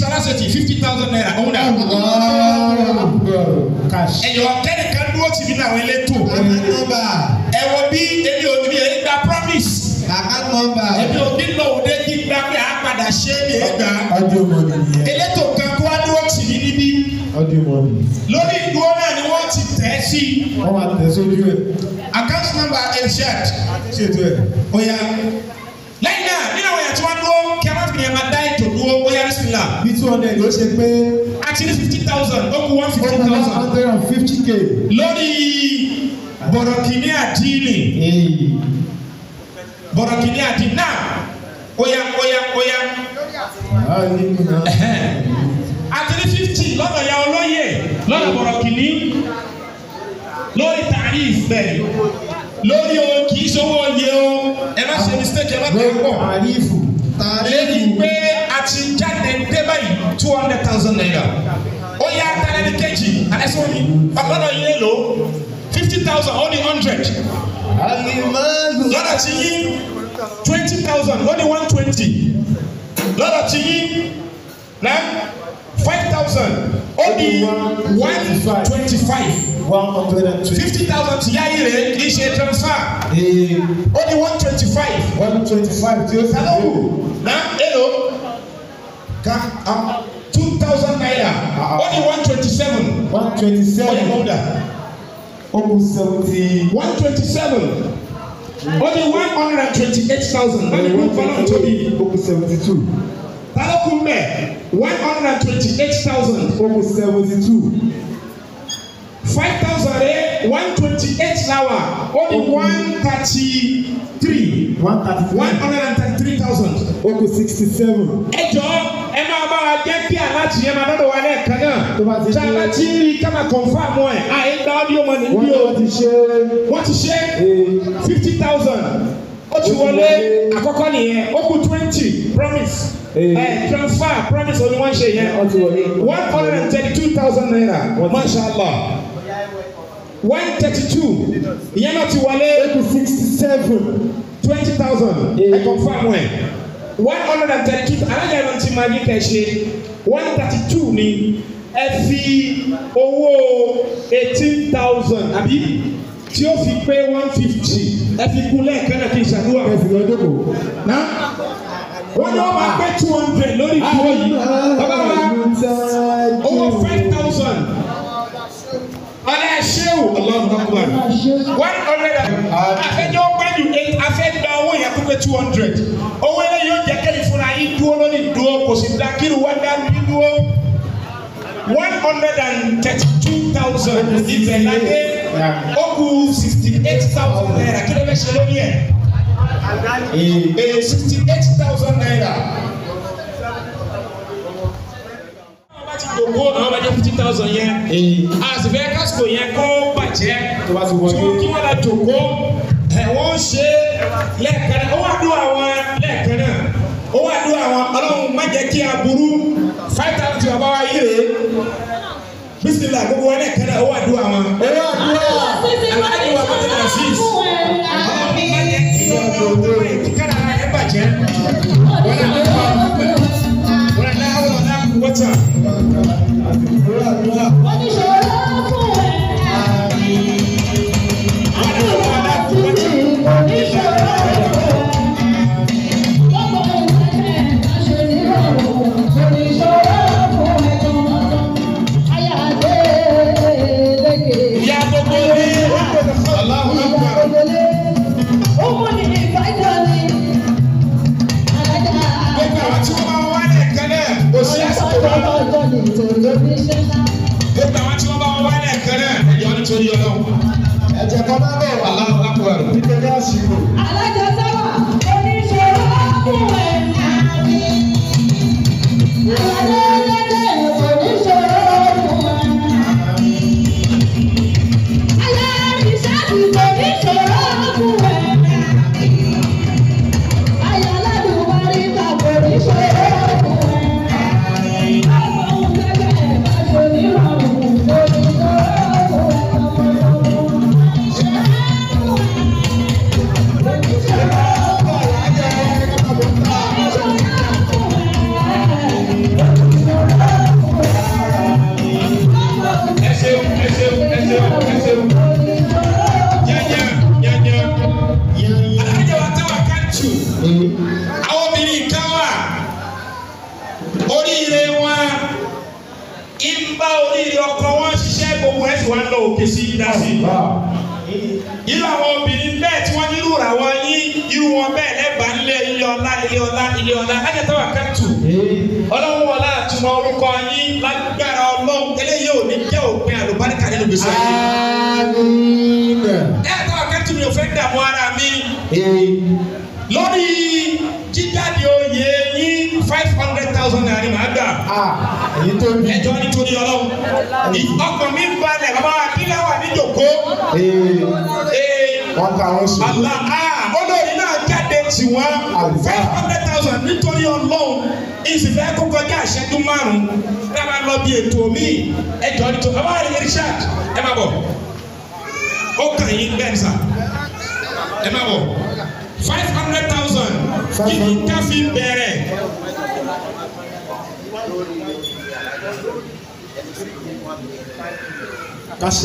sọlásẹtì fifty thousand naira òun dà. ẹ̀yọ̀ kẹ́nìkan dúró tìbí náà wọlé tó. ẹ wọ bí ebi ò Account number. Ẹbí òbí lọ òde gbígbà pé a padà ṣe é lè gbà. Ọdún ìmọ̀ nìyẹn. Elétò kan tó wá ní wọ́n tì í níbí. Ọdún ìmọ̀ nìyẹn. Lórí ìdúró náà ni wọ́n ti tẹ̀ sí. Wọ́n máa tẹ̀ sójú ẹ̀. Account number Elshad. Ṣètò ẹ̀. Ó yá. Lẹ́yìn náà, nínú àwọn èèyàn tí wọ́n dúró, kí a má fi yẹn máa dá ètò dúró, ó yá sílá. Bí two hundred ló ṣe pé. A ti ní fifty thousand, ó kú bọ̀dọ̀ kìíní àti náà oya oya oya àti ní fifty lọ́dọ̀ ya olóyè lọ́dọ̀ bọ̀dọ̀ kìíní lórí tarif bẹ́ẹ̀ lórí o kì í ṣòwò oyè o ẹ má ṣe mistake ẹ má tẹ̀ pọ̀ lẹ́yìn pé a ti jáde dé báyìí two hundred thousand naira ó yá tẹ́lẹ̀ ní kejì àdẹ́sọ́ni ọ̀pọ̀lọpọ̀ yìí lè fifty thousand only hundred. Alimalu. Lọ́dà tí yín twenty thousand ó ní one twenty. Lọ́dà tí yín na five thousand ó ní one twenty five. One hundred and twenty. Fifty thousand ti yáyí rẹ̀ kì í ṣe transfer. Ó ní one twenty five. One twenty five tí ó sì dé. Na èlò ka two thousand naira ah. ó ní one twenty seven. One twenty seven. Ó yẹ kó dà. Oku seventy. One twenty-seven. Only one hundred and twenty-eight thousand. Wọ́n ní kú fọlọ́n tóbi. Oku seventy-two. Tálọ́ kú One hundred and twenty-eight thousand. Oku seventy-two. Five thousand rẹ̀ eh? one twenty-eight láwà. Ó one thirty-three. One thirty-three. One hundred and thirty-three thousand. Oku sixty-seven. Ẹ jọ jẹ́ kí aláàtì yẹn máa dọ́dọ̀ wa lẹ́ẹ̀kan náà. tí a rí ká máa kọ̀nfàmù ẹ̀ àyè gba ọ́dí ọmọ nìyí o. wọ́n ti ṣe. wọ́n ti ṣe fifty thousand ó ti wọlé àkọ́kọ́ nìyẹn ó kù twenty promise. Hey. transfer promise oní one share. yẹn one hundred and thirty two thousand naira masha allah one thirty two ìyẹn náà ti wọlé sixty seven twenty thousand ẹ̀ confam ẹ̀ one hundred and thirty two alága ẹ̀rọ ti máa ní kẹ́ one thirty two ni ẹ fi owó eighteen thousand àbí tí ó fi pé one fifty ẹ fi kún lẹ́ẹ̀kan náà kí n ṣàdúrà. ẹ fi lọ dẹ́kọ̀ ná. wọ́n ní wọ́n máa pé two hundred lórí ìdúró yìí bàbá wa owó five thousand ọlẹ́ ṣéwù ọlọ́run bá kú wa one hundred and yẹ kó pé two hundred owó yẹn yóò jẹ kẹ́lí fúnra yín dúró lórí dúró kò sì dá kiri wọ́n dá bí dúró one hundred and thirty two thousand ìtẹ̀láyé ó kù sixty eight thousand naira kí ló fẹ́ ṣe lórí ẹ̀ e? mm. eh, sixty eight thousand naira. gbogbo àwọn bàjẹ́ fifty thousand yẹn àsìfẹ́ kásìkò yẹn kó bàjẹ́ kí wọ́n lọ jòkó ẹ̀ wọ́n ṣe lẹ́ẹ̀kan náà ó wá dún àwọn lẹ́ẹ̀kan náà ó wá dún àwọn ọlọ́run má jẹ́ kí aburú five thousand tí bàbá wa yí rè é bisimilá gbogbo wa lẹ́ẹ̀kan náà ó wá dún àwọn. ó wá dún àwọn aláàbí wa kọ́tà náà sí ìsú ọlọ́run má jẹ́ kí aburú kíkàrà ẹ̀ bàjẹ́ wọ́n náà wọ́n náà wọ́n náà wọ́n náà wọ́n náà wọ́n náà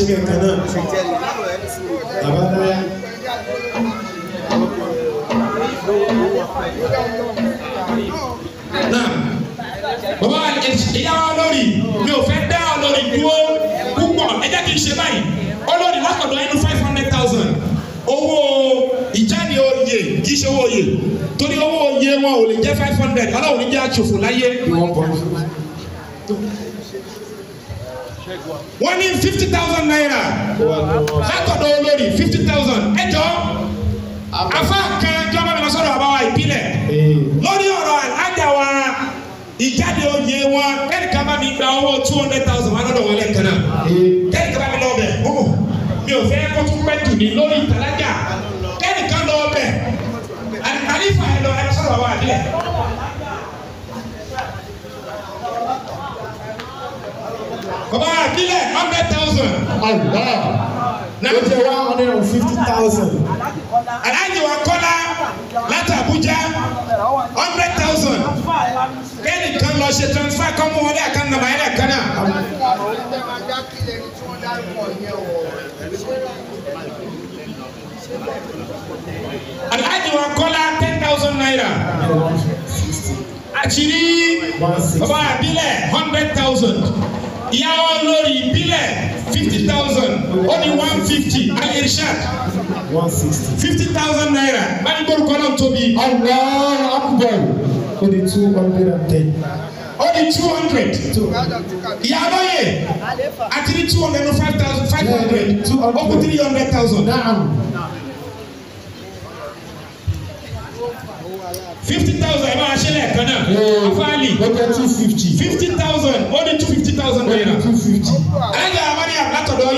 ṣe kankan náà bàbá bóyá. náà bàbá ìyá wa lórí mi ò fẹ́ dá ọ lórí dúró púpọ̀ ẹ jẹ́ kí n ṣe five hundred thousand owó ìjáde oyè kì í ṣe owó oyè torí owó oyè wọn ò lè jẹ́ five hundred ọlọ́run ní jẹ́ àṣòfò láyé wọ́n ní fifty thousand naira látọ̀dọ̀ olórí fifty thousand ẹjọ́ afa kan jọba mi lọ sọ́dọ̀ àbáwá ìpínlẹ̀ lórí ọ̀rọ̀ alájà wa ìjáde oyè wa kẹ́ni ká bá mi gba owó two hundred thousand wa lọ́dọ̀ wọn lẹ́ẹ̀kan náà kẹ́ni ká bá mi lọ bẹ̀ ọmọ mi ò fẹ́ kó tún pẹ́ tù mí lórí ìtàlájà kẹ́ni ká lọ bẹ̀ àlífà ẹ̀ lọ ẹ̀ lọ sọ́dọ̀ àbáwá ìpínlẹ̀. bàbá àbílẹ̀ hundred thousand. àgbà ó jẹ́ one hundred and fifty thousand. aláàjì wa kọ́lá láti Abuja, hundred thousand. kẹ́ni kan lọ ṣe transfer kan mú wọlé àkànnà báyìí àkànnà. aláàjì wa kọ́lá ten thousand naira àṣírí bàbá àbílẹ̀ hundred thousand ìyàwó lórí ìbílẹ̀ fifty thousand ó ní one fifty one sixty fifty thousand naira báyìí gbórúkọ náà tóbi. Allahu Akbar ó di two hundred and ten ó di two hundred ìyàwó yẹ àti ní two hundred and five thousand five hundred ó kú three hundred thousand. fifty thousand ẹ máa ṣe lẹ́ẹ̀kan náà afáàlì two fifty fifty thousand ó ní two fifty thousand naira two fifty ẹ̀jẹ̀ amániyàn látọ̀dọ̀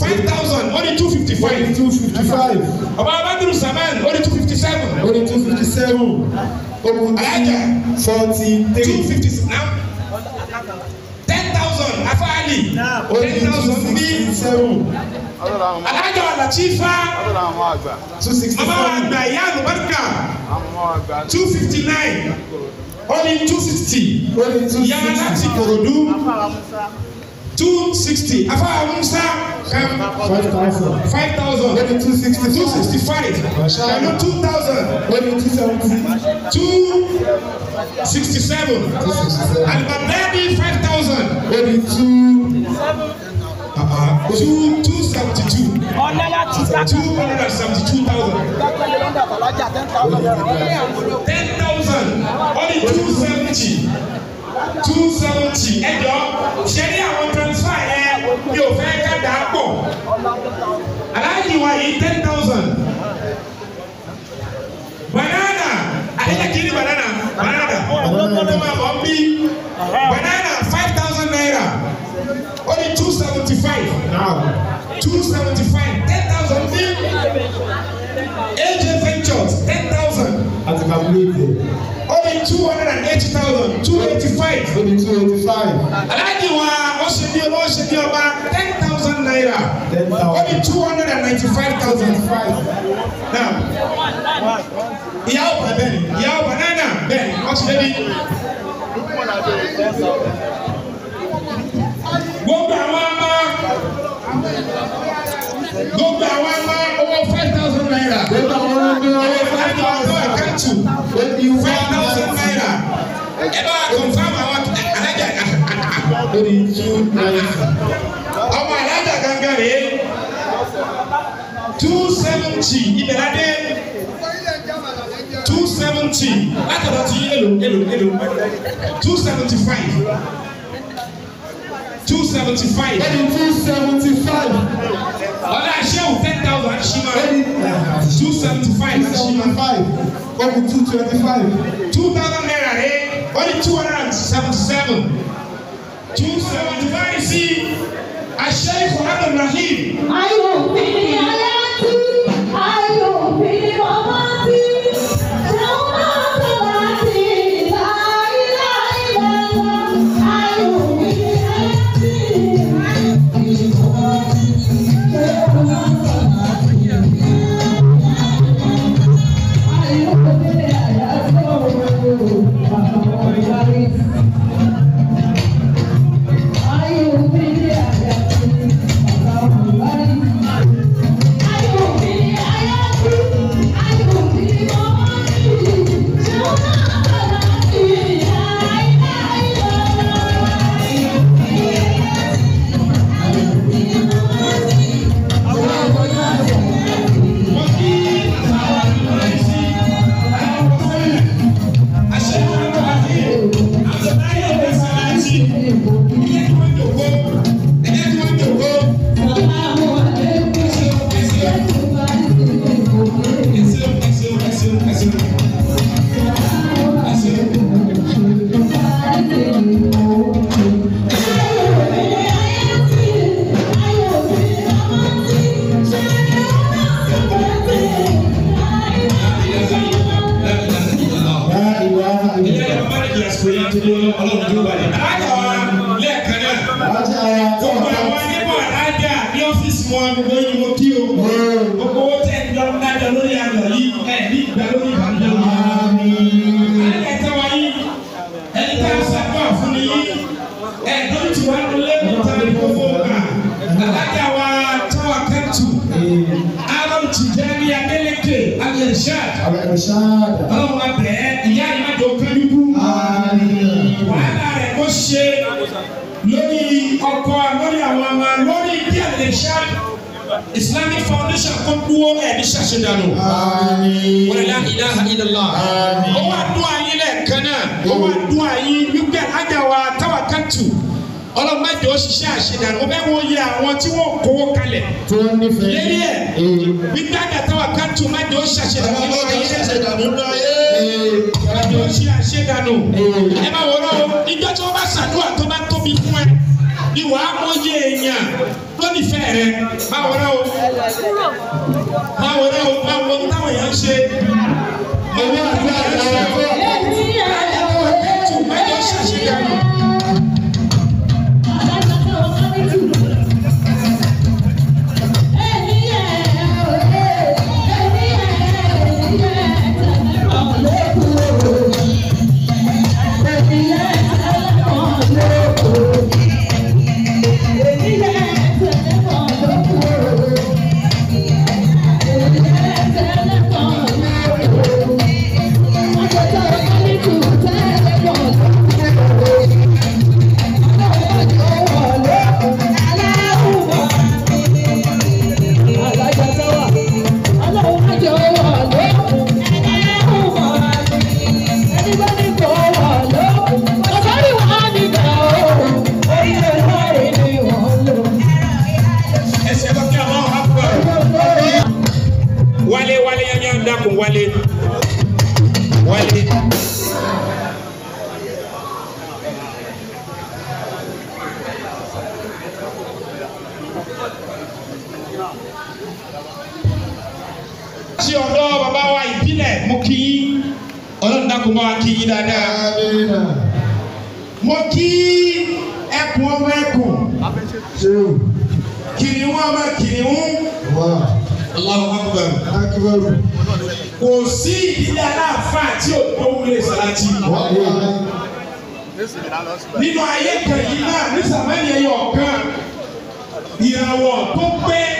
five thousand only two fifty five two fifty five ọba abadúrú saman only two fifty seven Only two fifty seven ogun two forty three two fifty seven. Dali eight thousand three seven alájọ àlàchífà bàbá wa àgbà ìyá àlùbáríkà two fifty nine ó ní two sixty ìyá aláàtì kòròdú two sixty afa musa kam five thousand wẹ́n two sixty two sixty five kanu two thousand wẹ́n two seventy two sixty seven And alibadadi five thousand wẹ́n two. Uh, two two seventy two. ọ̀nàyà ti sá. two hundred and seventy two thousand. ten thousand only two seventy two seventy ẹjọ́ ṣe ní àwọn transfer yẹn mi ò fẹ́ ká dàá pọ̀ aláàjì wa yìí ten thousand banana àdéhùn kiri banana banana ọ̀pọ̀lọpọ̀ máa mọ̀ ń bí banana. five. two eighty five. Aláàjì wa ó bí ten thousand naira. two hundred and ninety five thousand. Five. Now. Ìyá ọ̀pá bẹ́ẹ̀ ni, ìyá ọ̀pá náà náà bẹ́ẹ̀ ni, wọ́n ti débi. Gbogbo àwọn ọmọ gbogbo àwọn ọmọ five thousand naira. Gbogbo àwọn ọmọ owó five thousand naira. Five thousand naira ẹ bá kọ̀nfàmù àwọn alájà ọmọ alájà gangan rèé two seventy ìbẹ̀rẹ̀ dé two seventy látọ̀dọ̀ ti èlò èlò èlò two seventy five two seventy five. ẹni two seventy five. ọ̀la ṣéwù ten thousand àṣìmá. ẹni two seventy five àṣìmá. two seventy five. ọkùn two twenty five. two thousand naira rèé. only 277. 275. See, a Sheikh Adam Rahim. I will mọ́ gbogbo yín mo kí o gbogbo owó tẹ̀ ń lọ kájà lórí àgbà yìí ẹ̀ ní ìgbà lórí ìgbà. islamic foundation kó dúró ẹni ṣàṣẹ dànù. wàlá ilaha illallah. ó wà dùn ayé lẹ́ẹ̀kan náà ó wà dùn ayé wípé ajáwa tawakatu ọlọ́mọ àjọ ṣiṣẹ́ àṣedànù ọbẹ̀ wo yẹ àwọn tí wọ́n kówó kalẹ̀. tí wọ́n nífẹ̀ẹ́ lérí ẹ̀ wípé àgàtàwà káàtó má jọ ṣàṣedànù nínú ìjọ tí wọ́n ẹ ìwà àmọye èèyàn tó nífẹ̀ẹ́ rẹ báwo rẹ o báwo rẹ o báwo táwọn èèyàn ṣe owó àti àti àwọn ọkọ ẹ̀ẹ́dì ẹ̀ẹ́dì tó mẹ́jọ ṣàṣeyọrí. yín dáadáa. mo kí ẹkùn ọmọ ẹkùn kìnìún ọmọ kìnìún. Allahu akbar. akbar. kò sí ìdílé aláàfà tí o tó wulẹ̀ sàlátì. nínú ayé kan yìí náà ní sàmẹ́ni ẹ̀yọ̀ tó pé.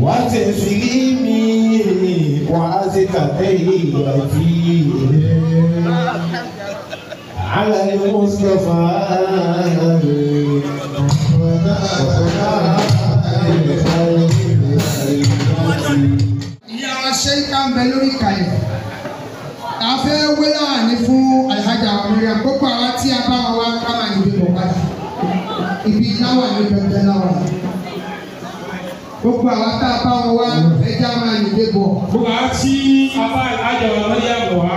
وتسليمي وعزفتي على المصطفى يا شيخا بلوكا gbogbo àwọn tá a bá wọn wá mm. ẹja máa nìyé bọ̀. gbogbo àwọn tí a bá àjọ ọ̀rọ̀ yà bọ̀ wá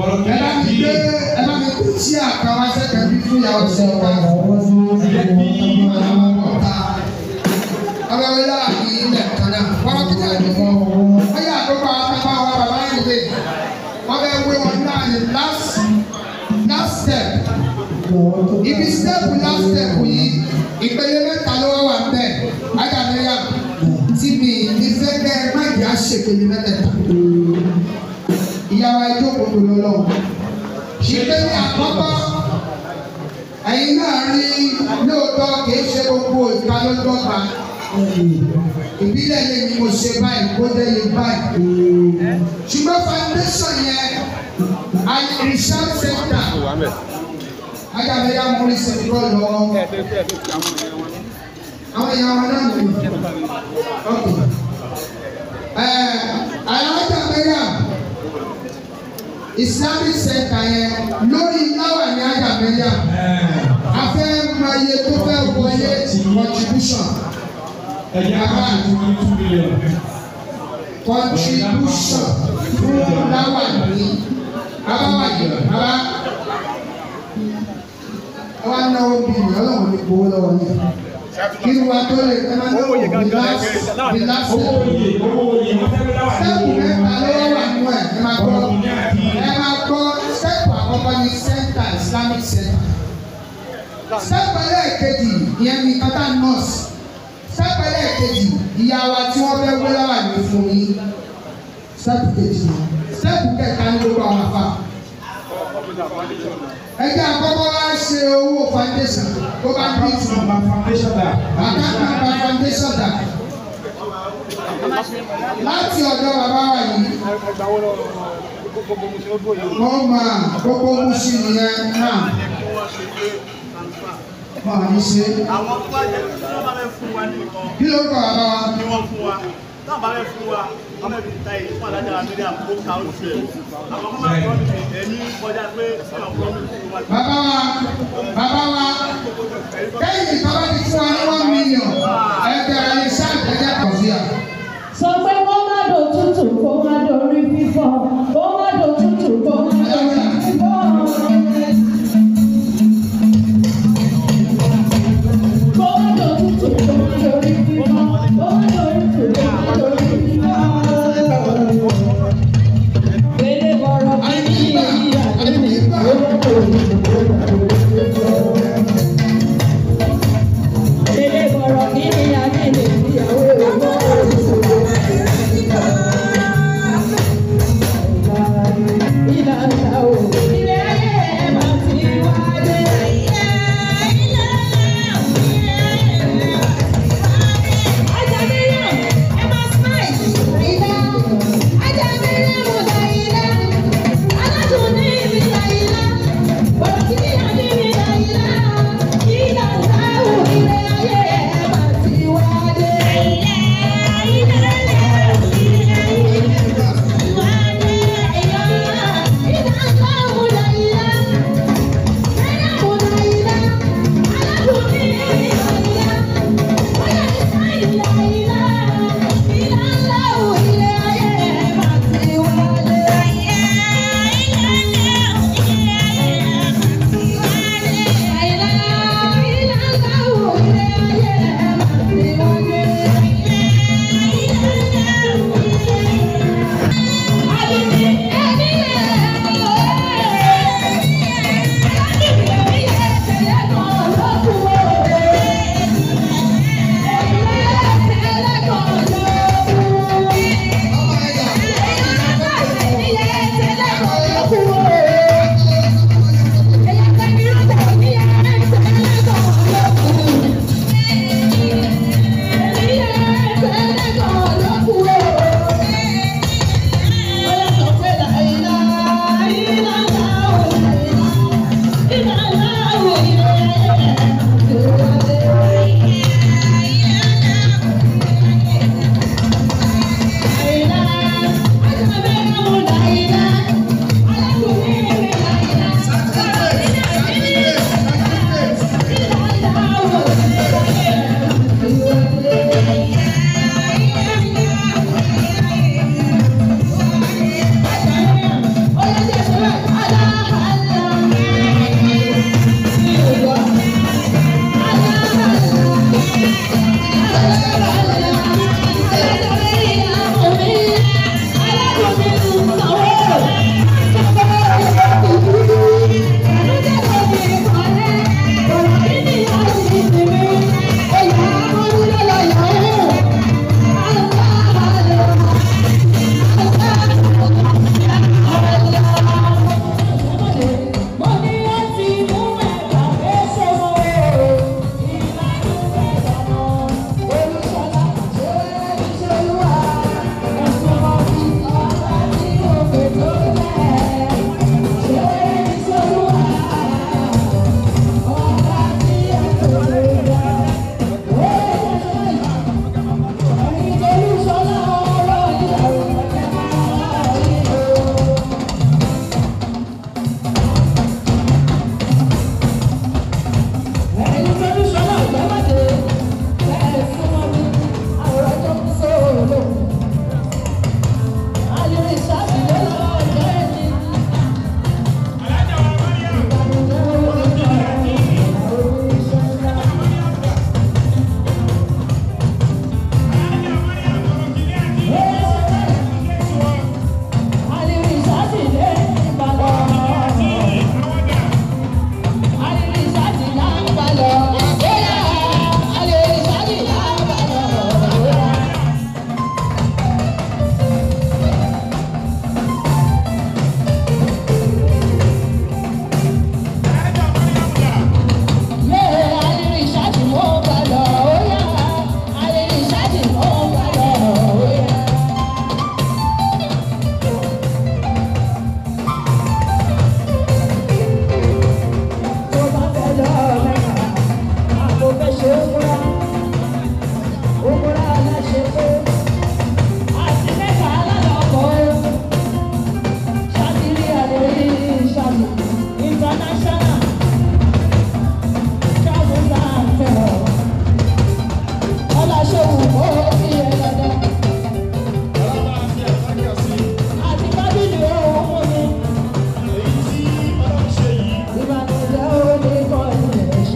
ọ̀rọ̀ kí á di. ẹ bá mi gbé ẹ bá mi kú sí àkàwá sẹ́kẹ̀ bí fún ìyàwó sí ọ̀gá. ọlọ́wọ́ yà á yí ilẹ̀ kan náà wọ́n ti dà ní fún ọ. wọ́n yà àdókò àwọn tá a bá wọn bàbá yìí wọ́n bẹ wé wọn náà last last step ibi step last step yìí ìpele mẹ́ta ló wà wà bẹ́ẹ̀ ajá mi tí mi ní fẹ́ kẹ́ má jẹ́ àṣepele mẹ́tẹ̀ẹ̀ta. ìyàwó ẹjọ́ kò tó lọ́wọ́. ìpele àkọ́kọ́ ẹ̀yin náà rí lóòótọ́ kìí ṣe gbogbo ìka lójú ọ̀pá. ìbílẹ̀ lè ní mo ṣe báyìí kó dé lè báyìí. ṣùgbọ́n foundation yẹn and research center. ajáde yá mú ní sèkúrò lọ́wọ́ àwọn èèyàn wọn náà nìyí ọkọ ẹ alájà mẹyà islamic center yẹn lórí náwà ní alájà mẹyà uh. afẹ máa yẹ tó fẹ wọlé contribution yàrá contribution fún náwà ní abáwájú bàbá wọn náwó bíi ìyọlọ́wọ́ ní gbowó lọ́wọ́ yẹn kiri wa tó lè fẹ́ máa ń lò relax relax sẹ́ẹ̀pù mẹ́ta lọ́wọ́ wà nínú ẹ̀ ẹ máa gbọ́ ẹ máa gbọ́ sẹ́ẹ̀pù àkọ́kọ́ ní sẹ́ńtà islamic center sẹ́ẹ̀pù ẹlẹ́ẹ̀kejì ìyẹn ní kátà nọ́ọ̀sì sẹ́ẹ̀pù ẹlẹ́ẹ̀kejì ìyá wa tí wọ́n fẹ́ wé láwà ní fún mi sẹ́ẹ̀pù kejì sẹ́ẹ̀pù kẹta ní gbogbo àwọn àfa ẹ jẹ́ àkọ́kọ́ wá ṣe owó foundation tó bá bí tu àkáǹtì àgbà foundation dà láti ọ̀dọ̀ bàbá wa yìí wọ́n máa gbogbo musu nìyẹn náà wọ́n á ní ṣe. àwọn tó bá jẹ́ kí wọ́n bá fẹ́ fún wa nìkan. kí ló ń kọ́ bàbá wa. kí wọ́n fún wa. náà bá fẹ́ fún wa. Ahmed Tai tó wà lájà mídíà ó ka ó Bàbá wa bàbá wa kẹ́yìn bàbá ti fún wa ní one million ẹgbẹ̀rún ní sáà ìdájà kọ̀ọ̀sì.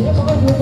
仕事が増え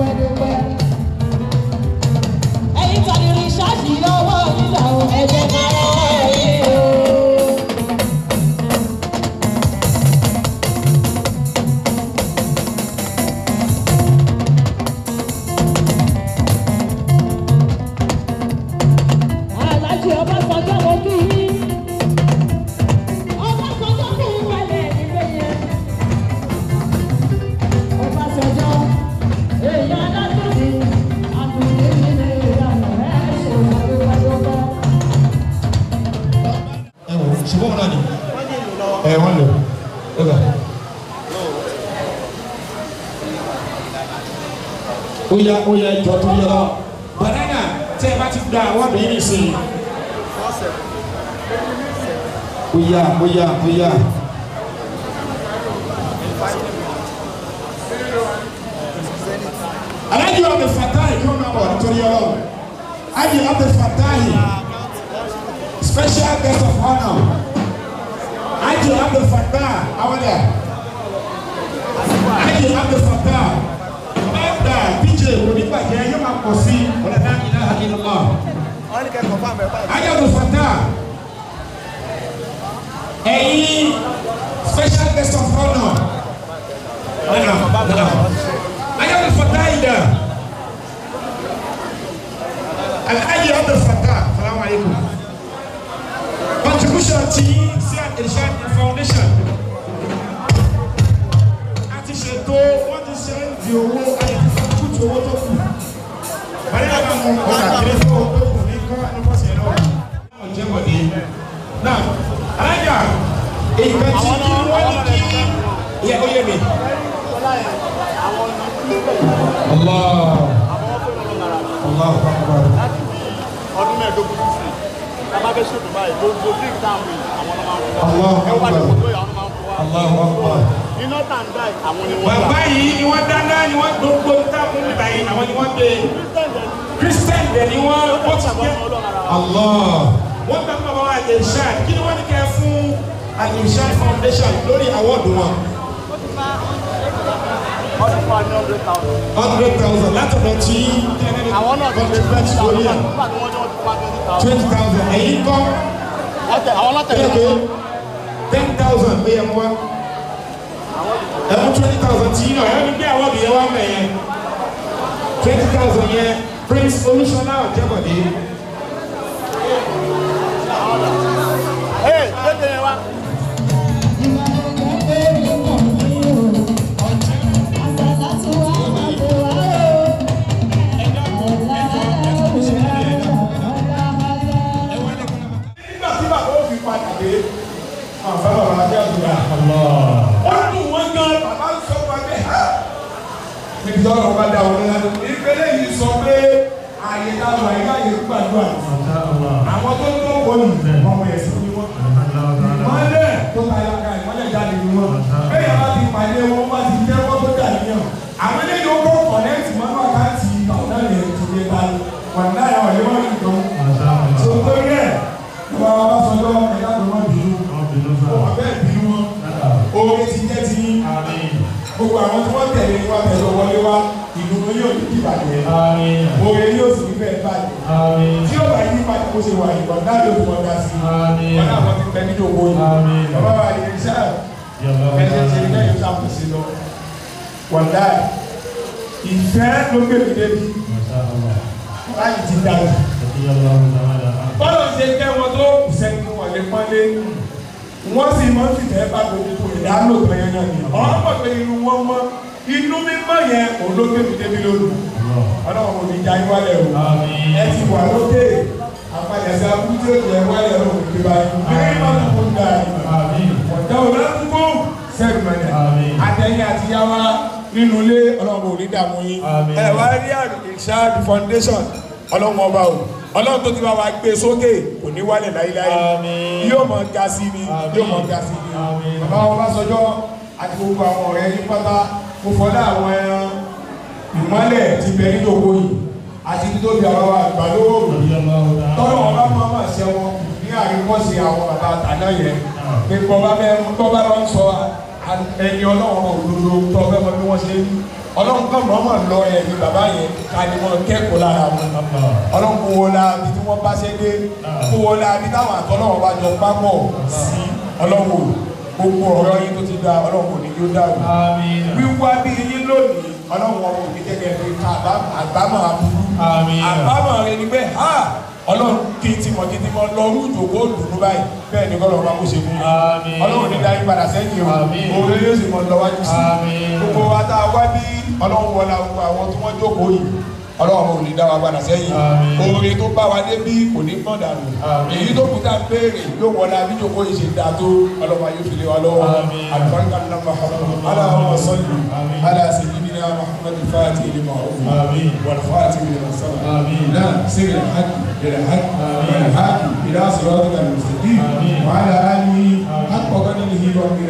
bẹ̀ yẹn twenty thousand yẹn prince olúṣọlá ọ̀jẹ̀bọ̀dé. ee tètè yẹn wá. ìjọba ọba dá wọn lọ. ìpele yìí sọ pé àyè tá a lọ àyè láyè gbàdúrà àwọn tó ń tó wọlé. wọlé wá ìdùnnú yóò ní ìbàjẹ́ oore yóò sì ní bẹ́ẹ̀ tí ó bá yí padà bó ṣe wà ìgbà náà yóò fi wọn sí i wọn náà ti pẹ́ nínú owó yìí bàbá wa yìí ṣá ẹsẹ̀ ṣe ní ẹ̀yọ́ sáà sí lọ wọ̀dà ìfẹ́ ló gbé mi débi láyé ti dájú bọ́lá ṣe kẹ́ wọn tó sẹ́nu wọlé pọ́nlé wọ́n sì mọ́ fìfẹ́ bá gbogbo ìdálò tó náà ni ọ̀rọ̀ pọ̀ wọn mọ́ inú mímọ́ yẹn olókèmí débi lónìí ọlọ́run kò ní ja yín wálẹ̀ o ẹ ti wà lókè àpàyàsá kú tí ó jẹ o kò bá yín bẹ́ẹ̀ má ló kó da yín ọ̀tá olókùnkù sẹ́gbẹ̀mẹ̀lẹ̀ àtẹ̀yìn àtìyáwá nínú ilé ọlọ́run kò ní dààmú yín ẹ wá rí àrùnṣáàdù foundation ọlọ́run ọba o ọlọ́run tó ti bá wa gbé sókè kò ní wálẹ̀ láyéláyé yóò mọ̀ ga sí ni yóò mọ̀ ga sí ni bàbá wọn bá sọjọ́ àti gbogbo àwọn ọ̀rẹ́ yín pátá mo fọdá àwọn ẹran ìmọ́lẹ̀ ti bẹ nínú owó yìí àti títóbi àwọn àgbàlówó tọ́lọ̀ wọn bá máa máa ṣe wọn ní àríkọ́sí àwọn bàbá àtàná yẹn pé bọ́bá bẹ́ẹ̀ bọ́bá lọ ń sọ ẹni ọlọ́run òdodo tó fẹ́ mọ bí wọ́n ṣe rí ọlọ́run kan mọ̀ mọ̀ lọ ẹ̀ ní bàbá yẹn ká ní wọn kẹ́kọ̀ọ́ lára wọn ọlọ́run kò wọ la bí tí wọ́n bá ṣe dé kò wọ la bí táwọn àtọ́lọ́wọ́ bá jọ pápọ̀ sí ọlọ́run gbogbo ọ̀rọ̀ yín tó ti da ọlọ́run òní yóò dàrú wíwá bí yín lónìí ọlọ́run ọ̀rọ̀ òní jẹ́jẹ́ fi ká àbámọ̀ aburú àbámọ̀ rẹ ni pé ha ọlọ́run kí n ti mọ̀ kí n ti mọ̀ lọ́rú ìjòkó òdùnnú báyìí bẹ́ẹ̀ ni kọ́lọ́ ọba kó ṣe fún mi ọlọ́run ní darí padà sẹ́yìn o òun yóò sì mọ̀ lọ́wájú sí gbogbo wa tá a wá bí ọlọ́run wọlé àwọn tó wọ́n jókòó yìí ọlọ́run ò ní dá wa padà sẹ́yìn oore tó bá wa débí kò ní pọ̀ dànù èyí tó kúta béèrè yóò wọlé abíjoko yìí ṣe dá tó ọlọ́run ayé fìlẹ̀ wa lọ́wọ́ àlùfáàkà nínú mahamadu aláwọ̀ sọ́ọ̀lù aláṣẹ nínú mahamadu fàtí ilé mahamadu wàlúfàtí ilé mahamadu náà sèrè hàkì ilé hàkì ilé hàkì ilé asọ̀rọ̀ ìlànà mùsùlùmí wàhálà áyí akọ̀kọ̀ nínú ìlú ọ̀gbìn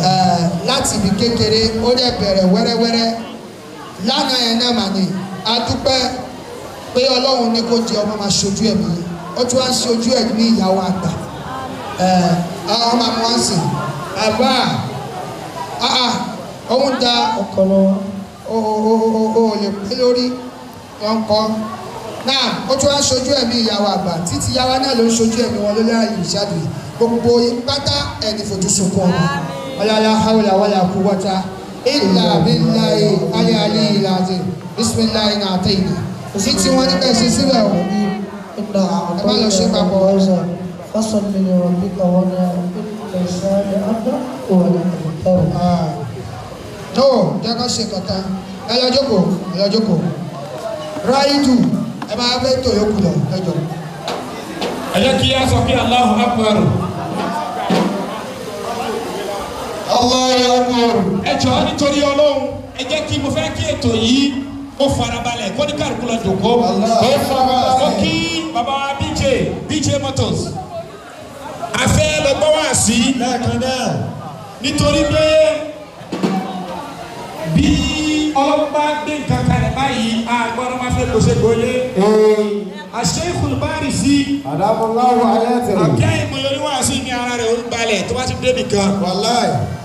Eh, láti ibi kékeré ó dẹ̀ bẹ̀rẹ̀ wẹ́rẹ́wẹ́rẹ́ lánàá yẹn náà mà ní a pé ọlọ́run ní kó jẹ ọmọ máa ṣojú ẹ̀mí ó tún wá ẹ̀mí ìyàwó àgbà eh, ọmọ máa mú wá àbá da o lè pé lórí wọn náà ó tún wá ń ẹ̀mí ìyàwó àgbà títí yàrá náà ló ń ẹ̀mí wọn ولا حول ولا قوة إلا بالله العلي العظيم بسم الله نعطينا وسيتي وانا كاشي سيبا إن أعطينا فصل من ربك ولا الإنسان أبدا ولا أبدا tó jẹ́ kó ṣe kọ̀tà ẹ lọ jókòó ẹ lọ jẹ́ kí a sọ pé Allahu Akbar. Allahu Akbar. ẹ jọ̀ọ́ nítorí Ọlọ́run ẹ jẹ́ kí mo fẹ́ kí ètò yìí mo farabalẹ̀ kó ní kálukú lọ jòkó. mo kí bàbá wa BJ BJ Motors a fẹ́ lọ gbọ́ wá sí nítorí pé bí ọlọ́pàá gbé nǹkan kalẹ̀ báyìí àgbọ̀dọ̀ máa fẹ́ lọ́sẹ̀ gbọ́lé. Aṣẹ́kùn bárì sí. Àdàbọ̀ láwọ̀ ayé tẹ̀lé. Àbí àyè mo yọrí wá sí ní ara rẹ̀ ó balẹ̀ tó bá ti débi kan. Wàláì.